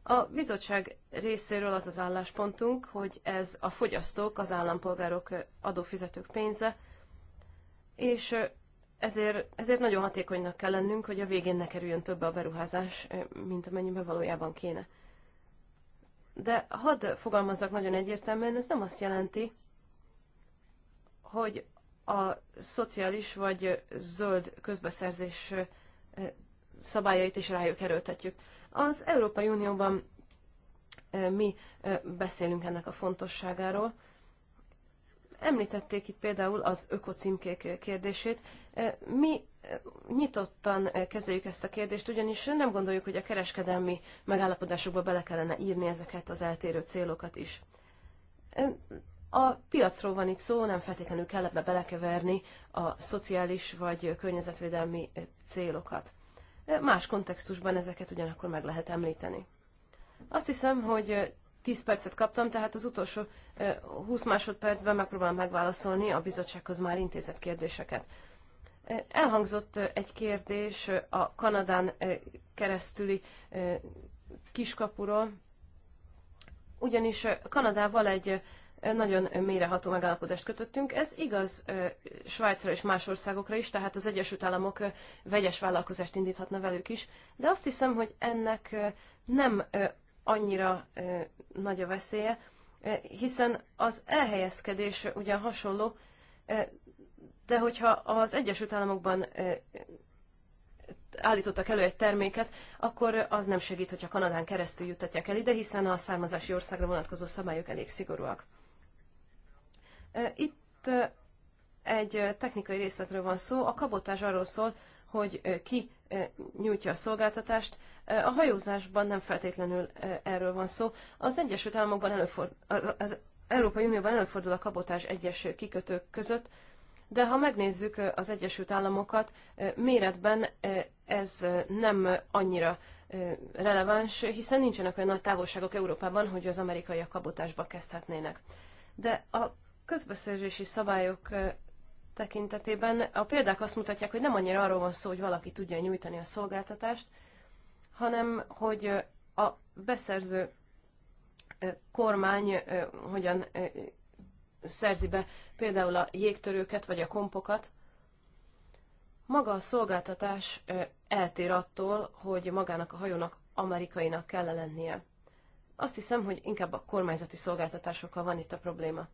A bizottság részéről az az álláspontunk, hogy ez a fogyasztók, az állampolgárok, adófizetők pénze, és ezért, ezért nagyon hatékonynak kell lennünk, hogy a végén ne kerüljön többe a beruházás, mint amennyiben valójában kéne. De hadd fogalmazzak nagyon egyértelműen, ez nem azt jelenti, hogy a szociális vagy zöld közbeszerzés szabályait is rájuk erőltetjük. Az Európai Unióban mi beszélünk ennek a fontosságáról. Említették itt például az ökocímkék kérdését. Mi nyitottan kezeljük ezt a kérdést, ugyanis nem gondoljuk, hogy a kereskedelmi megállapodásokba bele kellene írni ezeket az eltérő célokat is. A piacról van itt szó, nem feltétlenül kell ebbe belekeverni a szociális vagy környezetvédelmi célokat. Más kontextusban ezeket ugyanakkor meg lehet említeni. Azt hiszem, hogy 10 percet kaptam, tehát az utolsó 20 másodpercben megpróbálom megválaszolni a bizottsághoz már intézett kérdéseket. Elhangzott egy kérdés a Kanadán keresztüli kiskapuról, ugyanis Kanadával egy nagyon méreható megállapodást kötöttünk. Ez igaz Svájcra és más országokra is, tehát az Egyesült Államok vegyes vállalkozást indíthatna velük is, de azt hiszem, hogy ennek nem annyira nagy a veszélye, hiszen az elhelyezkedés ugyan hasonló, de hogyha az Egyesült Államokban állítottak elő egy terméket, akkor az nem segít, hogyha Kanadán keresztül juttatják el ide, hiszen a származási országra vonatkozó szabályok elég szigorúak. Itt egy technikai részletről van szó. A kabotás arról szól, hogy ki nyújtja a szolgáltatást. A hajózásban nem feltétlenül erről van szó. Az Egyesült Államokban előfordul, az Európai Unióban előfordul a kabotás egyes kikötők között, de ha megnézzük az Egyesült Államokat, méretben ez nem annyira releváns, hiszen nincsenek olyan nagy távolságok Európában, hogy az amerikaiak kabotásba kezdhetnének. De a közbeszerzési szabályok tekintetében a példák azt mutatják, hogy nem annyira arról van szó, hogy valaki tudja nyújtani a szolgáltatást, hanem hogy a beszerző kormány hogyan szerzi be például a jégtörőket vagy a kompokat, maga a szolgáltatás eltér attól, hogy magának a hajónak amerikainak kell -e lennie. Azt hiszem, hogy inkább a kormányzati szolgáltatásokkal van itt a probléma.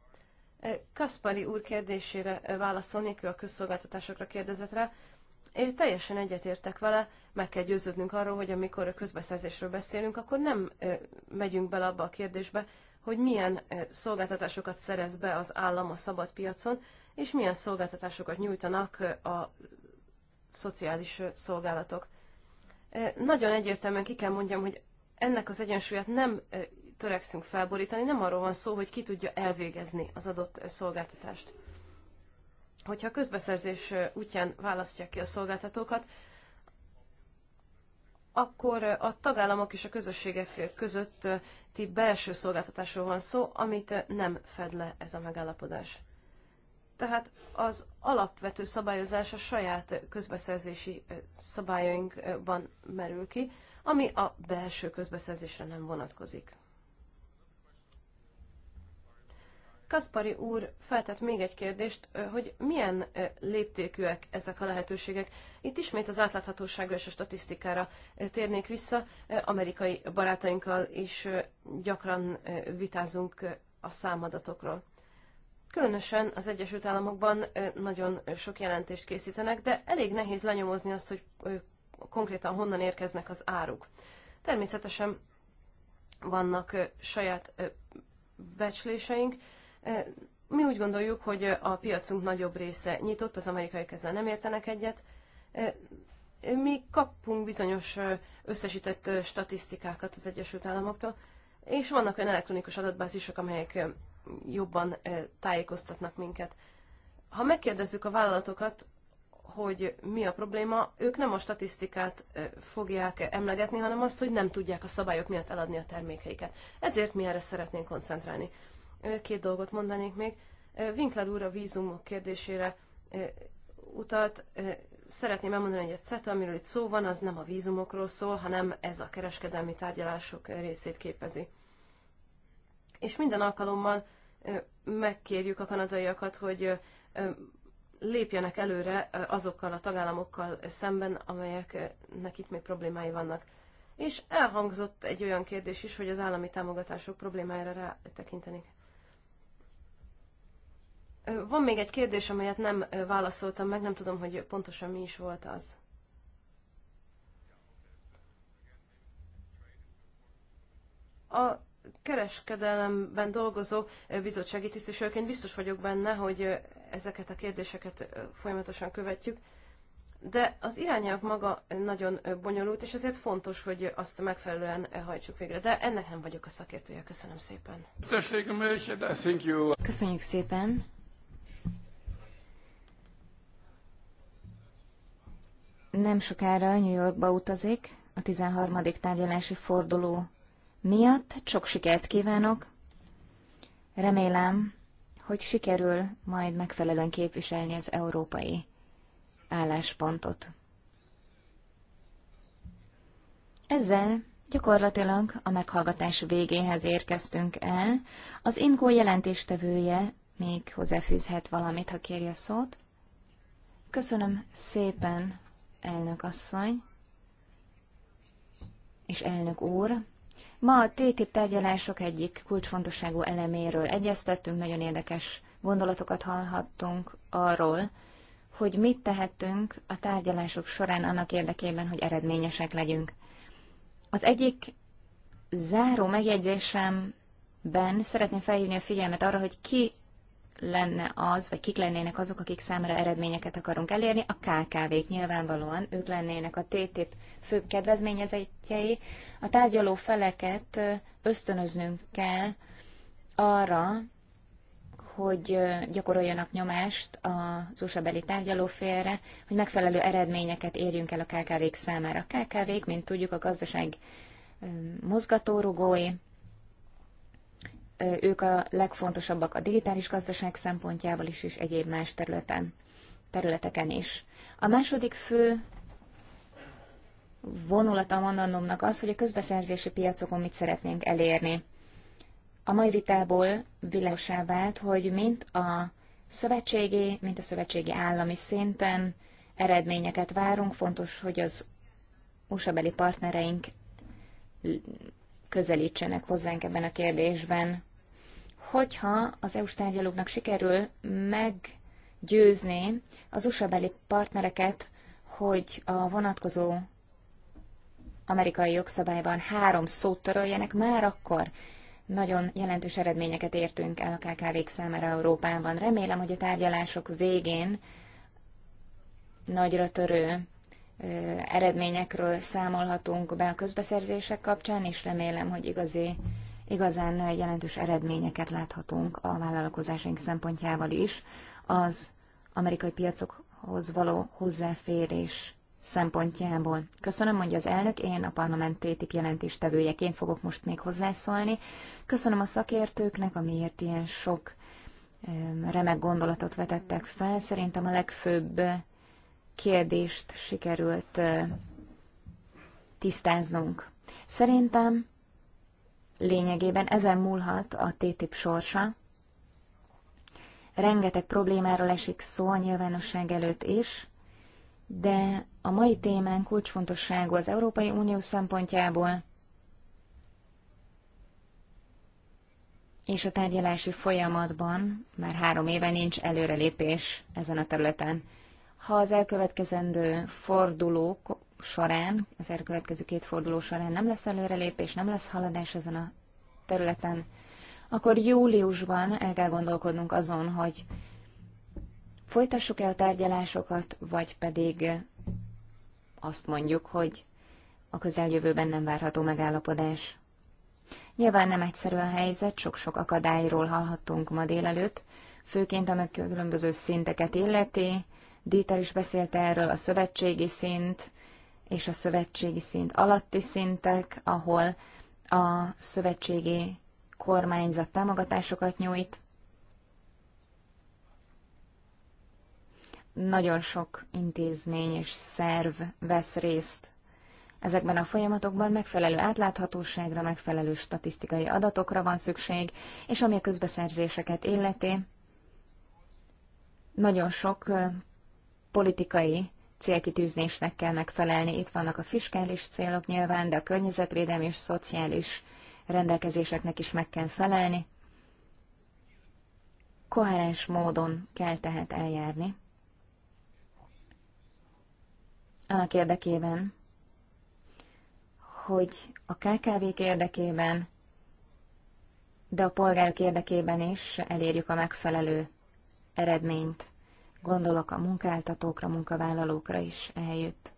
Kaspari úr kérdésére válaszolnék, ő a közszolgáltatásokra kérdezett rá. Én teljesen egyetértek vele, meg kell győződnünk arról, hogy amikor a közbeszerzésről beszélünk, akkor nem megyünk bele abba a kérdésbe, hogy milyen eh, szolgáltatásokat szerez be az állam a szabad piacon, és milyen szolgáltatásokat nyújtanak eh, a szociális eh, szolgálatok. Nagyon egyértelműen ki kell mondjam, hogy ennek az egyensúlyát nem törekszünk felborítani, nem arról van szó, hogy ki tudja elvégezni az adott szolgáltatást. Hogyha a közbeszerzés útján választják ki a szolgáltatókat, akkor a tagállamok és a közösségek közötti belső szolgáltatásról van szó, amit nem fed le ez a megállapodás. Tehát az alapvető szabályozás a saját közbeszerzési szabályainkban merül ki, ami a belső közbeszerzésre nem vonatkozik. Kaspari úr feltett még egy kérdést, hogy milyen léptékűek ezek a lehetőségek. Itt ismét az átláthatóságra és a statisztikára térnék vissza. Amerikai barátainkkal is gyakran vitázunk a számadatokról. Különösen az Egyesült Államokban nagyon sok jelentést készítenek, de elég nehéz lenyomozni azt, hogy konkrétan honnan érkeznek az áruk. Természetesen vannak saját becsléseink, mi úgy gondoljuk, hogy a piacunk nagyobb része nyitott, az amerikai ezzel nem értenek egyet. Mi kapunk bizonyos összesített statisztikákat az Egyesült Államoktól, és vannak olyan elektronikus adatbázisok, amelyek jobban tájékoztatnak minket. Ha megkérdezzük a vállalatokat, hogy mi a probléma, ők nem a statisztikát fogják emlegetni, hanem azt, hogy nem tudják a szabályok miatt eladni a termékeiket. Ezért mi erre szeretnénk koncentrálni. Két dolgot mondanék még. Winkler úr a vízumok kérdésére utalt. Szeretném elmondani, hogy egy CETA, amiről itt szó van, az nem a vízumokról szól, hanem ez a kereskedelmi tárgyalások részét képezi. És minden alkalommal megkérjük a kanadaiakat, hogy lépjenek előre azokkal a tagállamokkal szemben, amelyeknek itt még problémái vannak. És elhangzott egy olyan kérdés is, hogy az állami támogatások problémájára rátekintenék. Van még egy kérdés, amelyet nem válaszoltam meg, nem tudom, hogy pontosan mi is volt az. A kereskedelemben dolgozó bizottsági tisztviselőként biztos vagyok benne, hogy ezeket a kérdéseket folyamatosan követjük, de az irányelv maga nagyon bonyolult, és ezért fontos, hogy azt megfelelően hajtsuk végre. De ennek nem vagyok a szakértője. Köszönöm szépen. Köszönjük szépen. nem sokára New Yorkba utazik a 13. tárgyalási forduló miatt. Sok sikert kívánok! Remélem, hogy sikerül majd megfelelően képviselni az európai álláspontot. Ezzel gyakorlatilag a meghallgatás végéhez érkeztünk el. Az INCO jelentéstevője még hozzáfűzhet valamit, ha kérje szót. Köszönöm szépen elnök asszony és elnök úr. Ma a TTIP tárgyalások egyik kulcsfontosságú eleméről egyeztettünk, nagyon érdekes gondolatokat hallhattunk arról, hogy mit tehetünk a tárgyalások során annak érdekében, hogy eredményesek legyünk. Az egyik záró megjegyzésemben szeretném felhívni a figyelmet arra, hogy ki lenne az, vagy kik lennének azok, akik számára eredményeket akarunk elérni, a KKV-k nyilvánvalóan, ők lennének a TTIP fő kedvezményezetjei. A tárgyaló feleket ösztönöznünk kell arra, hogy gyakoroljanak nyomást az USA beli tárgyalófélre, hogy megfelelő eredményeket érjünk el a KKV-k számára. A KKV-k, mint tudjuk, a gazdaság mozgatórugói, ők a legfontosabbak a digitális gazdaság szempontjából is, és egyéb más területen, területeken is. A második fő vonulata a mondanomnak az, hogy a közbeszerzési piacokon mit szeretnénk elérni. A mai vitából világosá vált, hogy mint a szövetségi, mint a szövetségi állami szinten eredményeket várunk. Fontos, hogy az usa partnereink közelítsenek hozzánk ebben a kérdésben hogyha az EU-s tárgyalóknak sikerül meggyőzni az USA beli partnereket, hogy a vonatkozó amerikai jogszabályban három szót töröljenek, már akkor nagyon jelentős eredményeket értünk el a kkv számára Európában. Remélem, hogy a tárgyalások végén nagyra törő eredményekről számolhatunk be a közbeszerzések kapcsán, és remélem, hogy igazi igazán jelentős eredményeket láthatunk a vállalkozásaink szempontjával is. Az amerikai piacokhoz való hozzáférés szempontjából. Köszönöm, mondja az elnök, én a parlament TTIP jelentéstevőjeként fogok most még hozzászólni. Köszönöm a szakértőknek, amiért ilyen sok remek gondolatot vetettek fel. Szerintem a legfőbb kérdést sikerült tisztáznunk. Szerintem lényegében ezen múlhat a TTIP sorsa. Rengeteg problémáról esik szó a nyilvánosság előtt is, de a mai témán kulcsfontosságú az Európai Unió szempontjából, és a tárgyalási folyamatban már három éve nincs előrelépés ezen a területen. Ha az elkövetkezendő fordulók során, az elkövetkező két forduló során nem lesz előrelépés, nem lesz haladás ezen a területen, akkor júliusban el kell gondolkodnunk azon, hogy folytassuk-e a tárgyalásokat, vagy pedig azt mondjuk, hogy a közeljövőben nem várható megállapodás. Nyilván nem egyszerű a helyzet, sok-sok akadályról hallhattunk ma délelőtt, főként a különböző szinteket illeti, Dieter is beszélte erről, a szövetségi szint, és a szövetségi szint alatti szintek, ahol a szövetségi kormányzat támogatásokat nyújt. Nagyon sok intézmény és szerv vesz részt Ezekben a folyamatokban megfelelő átláthatóságra, megfelelő statisztikai adatokra van szükség, és ami a közbeszerzéseket illeti, nagyon sok politikai célkitűzésnek kell megfelelni. Itt vannak a fiskális célok nyilván, de a környezetvédelmi és szociális rendelkezéseknek is meg kell felelni. Koherens módon kell tehát eljárni. Annak érdekében, hogy a KKV-k érdekében, de a polgárok érdekében is elérjük a megfelelő eredményt gondolok a munkáltatókra, munkavállalókra is eljött.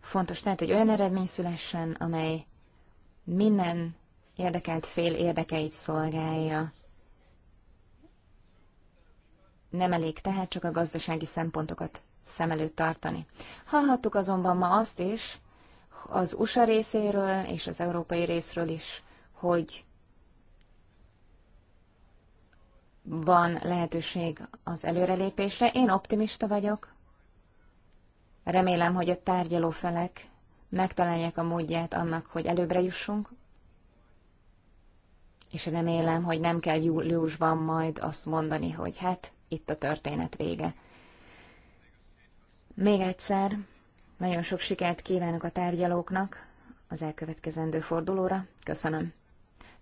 Fontos tehát, hogy olyan eredmény szülessen, amely minden érdekelt fél érdekeit szolgálja. Nem elég tehát csak a gazdasági szempontokat szem előtt tartani. Hallhattuk azonban ma azt is, az USA részéről és az európai részről is, hogy van lehetőség az előrelépésre. Én optimista vagyok. Remélem, hogy a tárgyaló felek megtalálják a módját annak, hogy előbbre jussunk. És remélem, hogy nem kell júliusban majd azt mondani, hogy hát, itt a történet vége. Még egyszer, nagyon sok sikert kívánok a tárgyalóknak az elkövetkezendő fordulóra. Köszönöm.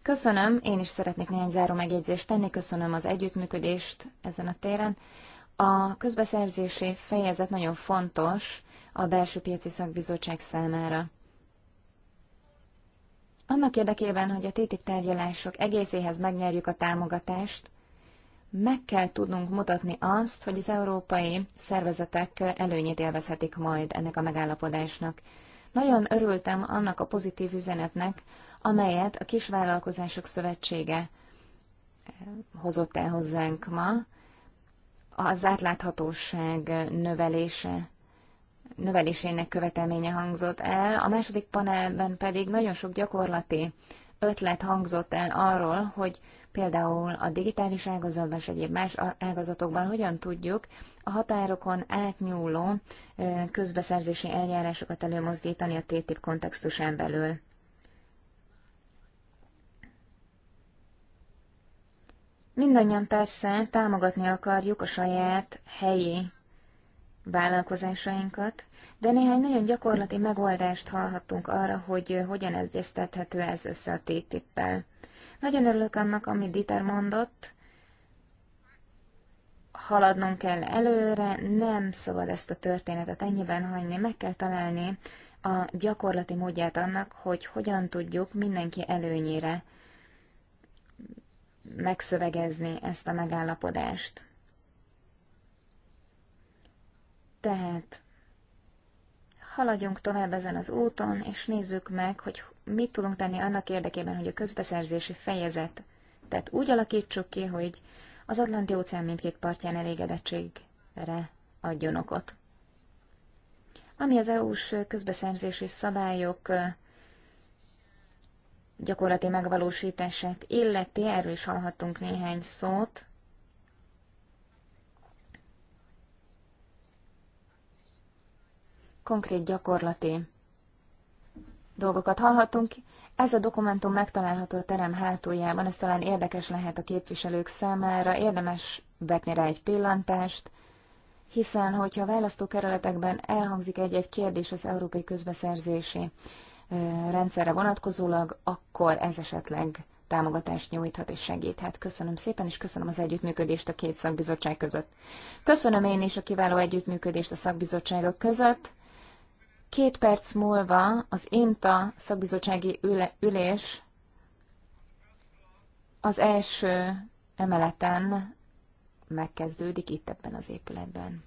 Köszönöm, én is szeretnék néhány záró megjegyzést tenni, köszönöm az együttműködést ezen a téren. A közbeszerzési fejezet nagyon fontos a belső piaci szakbizottság számára. Annak érdekében, hogy a TTIP tárgyalások egészéhez megnyerjük a támogatást, meg kell tudnunk mutatni azt, hogy az európai szervezetek előnyét élvezhetik majd ennek a megállapodásnak. Nagyon örültem annak a pozitív üzenetnek, amelyet a Kisvállalkozások Szövetsége eh, hozott el hozzánk ma. Az átláthatóság növelése növelésének követelménye hangzott el, a második panelben pedig nagyon sok gyakorlati ötlet hangzott el arról, hogy például a digitális ágazatban és egyéb más ágazatokban hogyan tudjuk a határokon átnyúló eh, közbeszerzési eljárásokat előmozdítani a TTIP kontextusán belül. Mindannyian persze támogatni akarjuk a saját helyi vállalkozásainkat, de néhány nagyon gyakorlati megoldást hallhattunk arra, hogy eh, hogyan egyeztethető ez össze a TTIP-pel. Nagyon örülök annak, amit Dieter mondott, haladnunk kell előre, nem szabad ezt a történetet ennyiben hagyni, meg kell találni a gyakorlati módját annak, hogy hogyan tudjuk mindenki előnyére megszövegezni ezt a megállapodást. Tehát haladjunk tovább ezen az úton, és nézzük meg, hogy mit tudunk tenni annak érdekében, hogy a közbeszerzési fejezet tehát úgy alakítsuk ki, hogy az Atlanti óceán mindkét partján elégedettségre adjon okot. Ami az EU-s közbeszerzési szabályok gyakorlati megvalósítását illeti, erről is hallhattunk néhány szót. Konkrét gyakorlati dolgokat hallhatunk. Ez a dokumentum megtalálható a terem hátuljában, ez talán érdekes lehet a képviselők számára, érdemes vetni rá egy pillantást, hiszen hogyha a választókerületekben elhangzik egy-egy kérdés az európai közbeszerzési rendszerre vonatkozólag, akkor ez esetleg támogatást nyújthat és segíthet. Köszönöm szépen, és köszönöm az együttműködést a két szakbizottság között. Köszönöm én is a kiváló együttműködést a szakbizottságok között. Két perc múlva az INTA szakbizottsági üle- ülés az első emeleten megkezdődik itt ebben az épületben.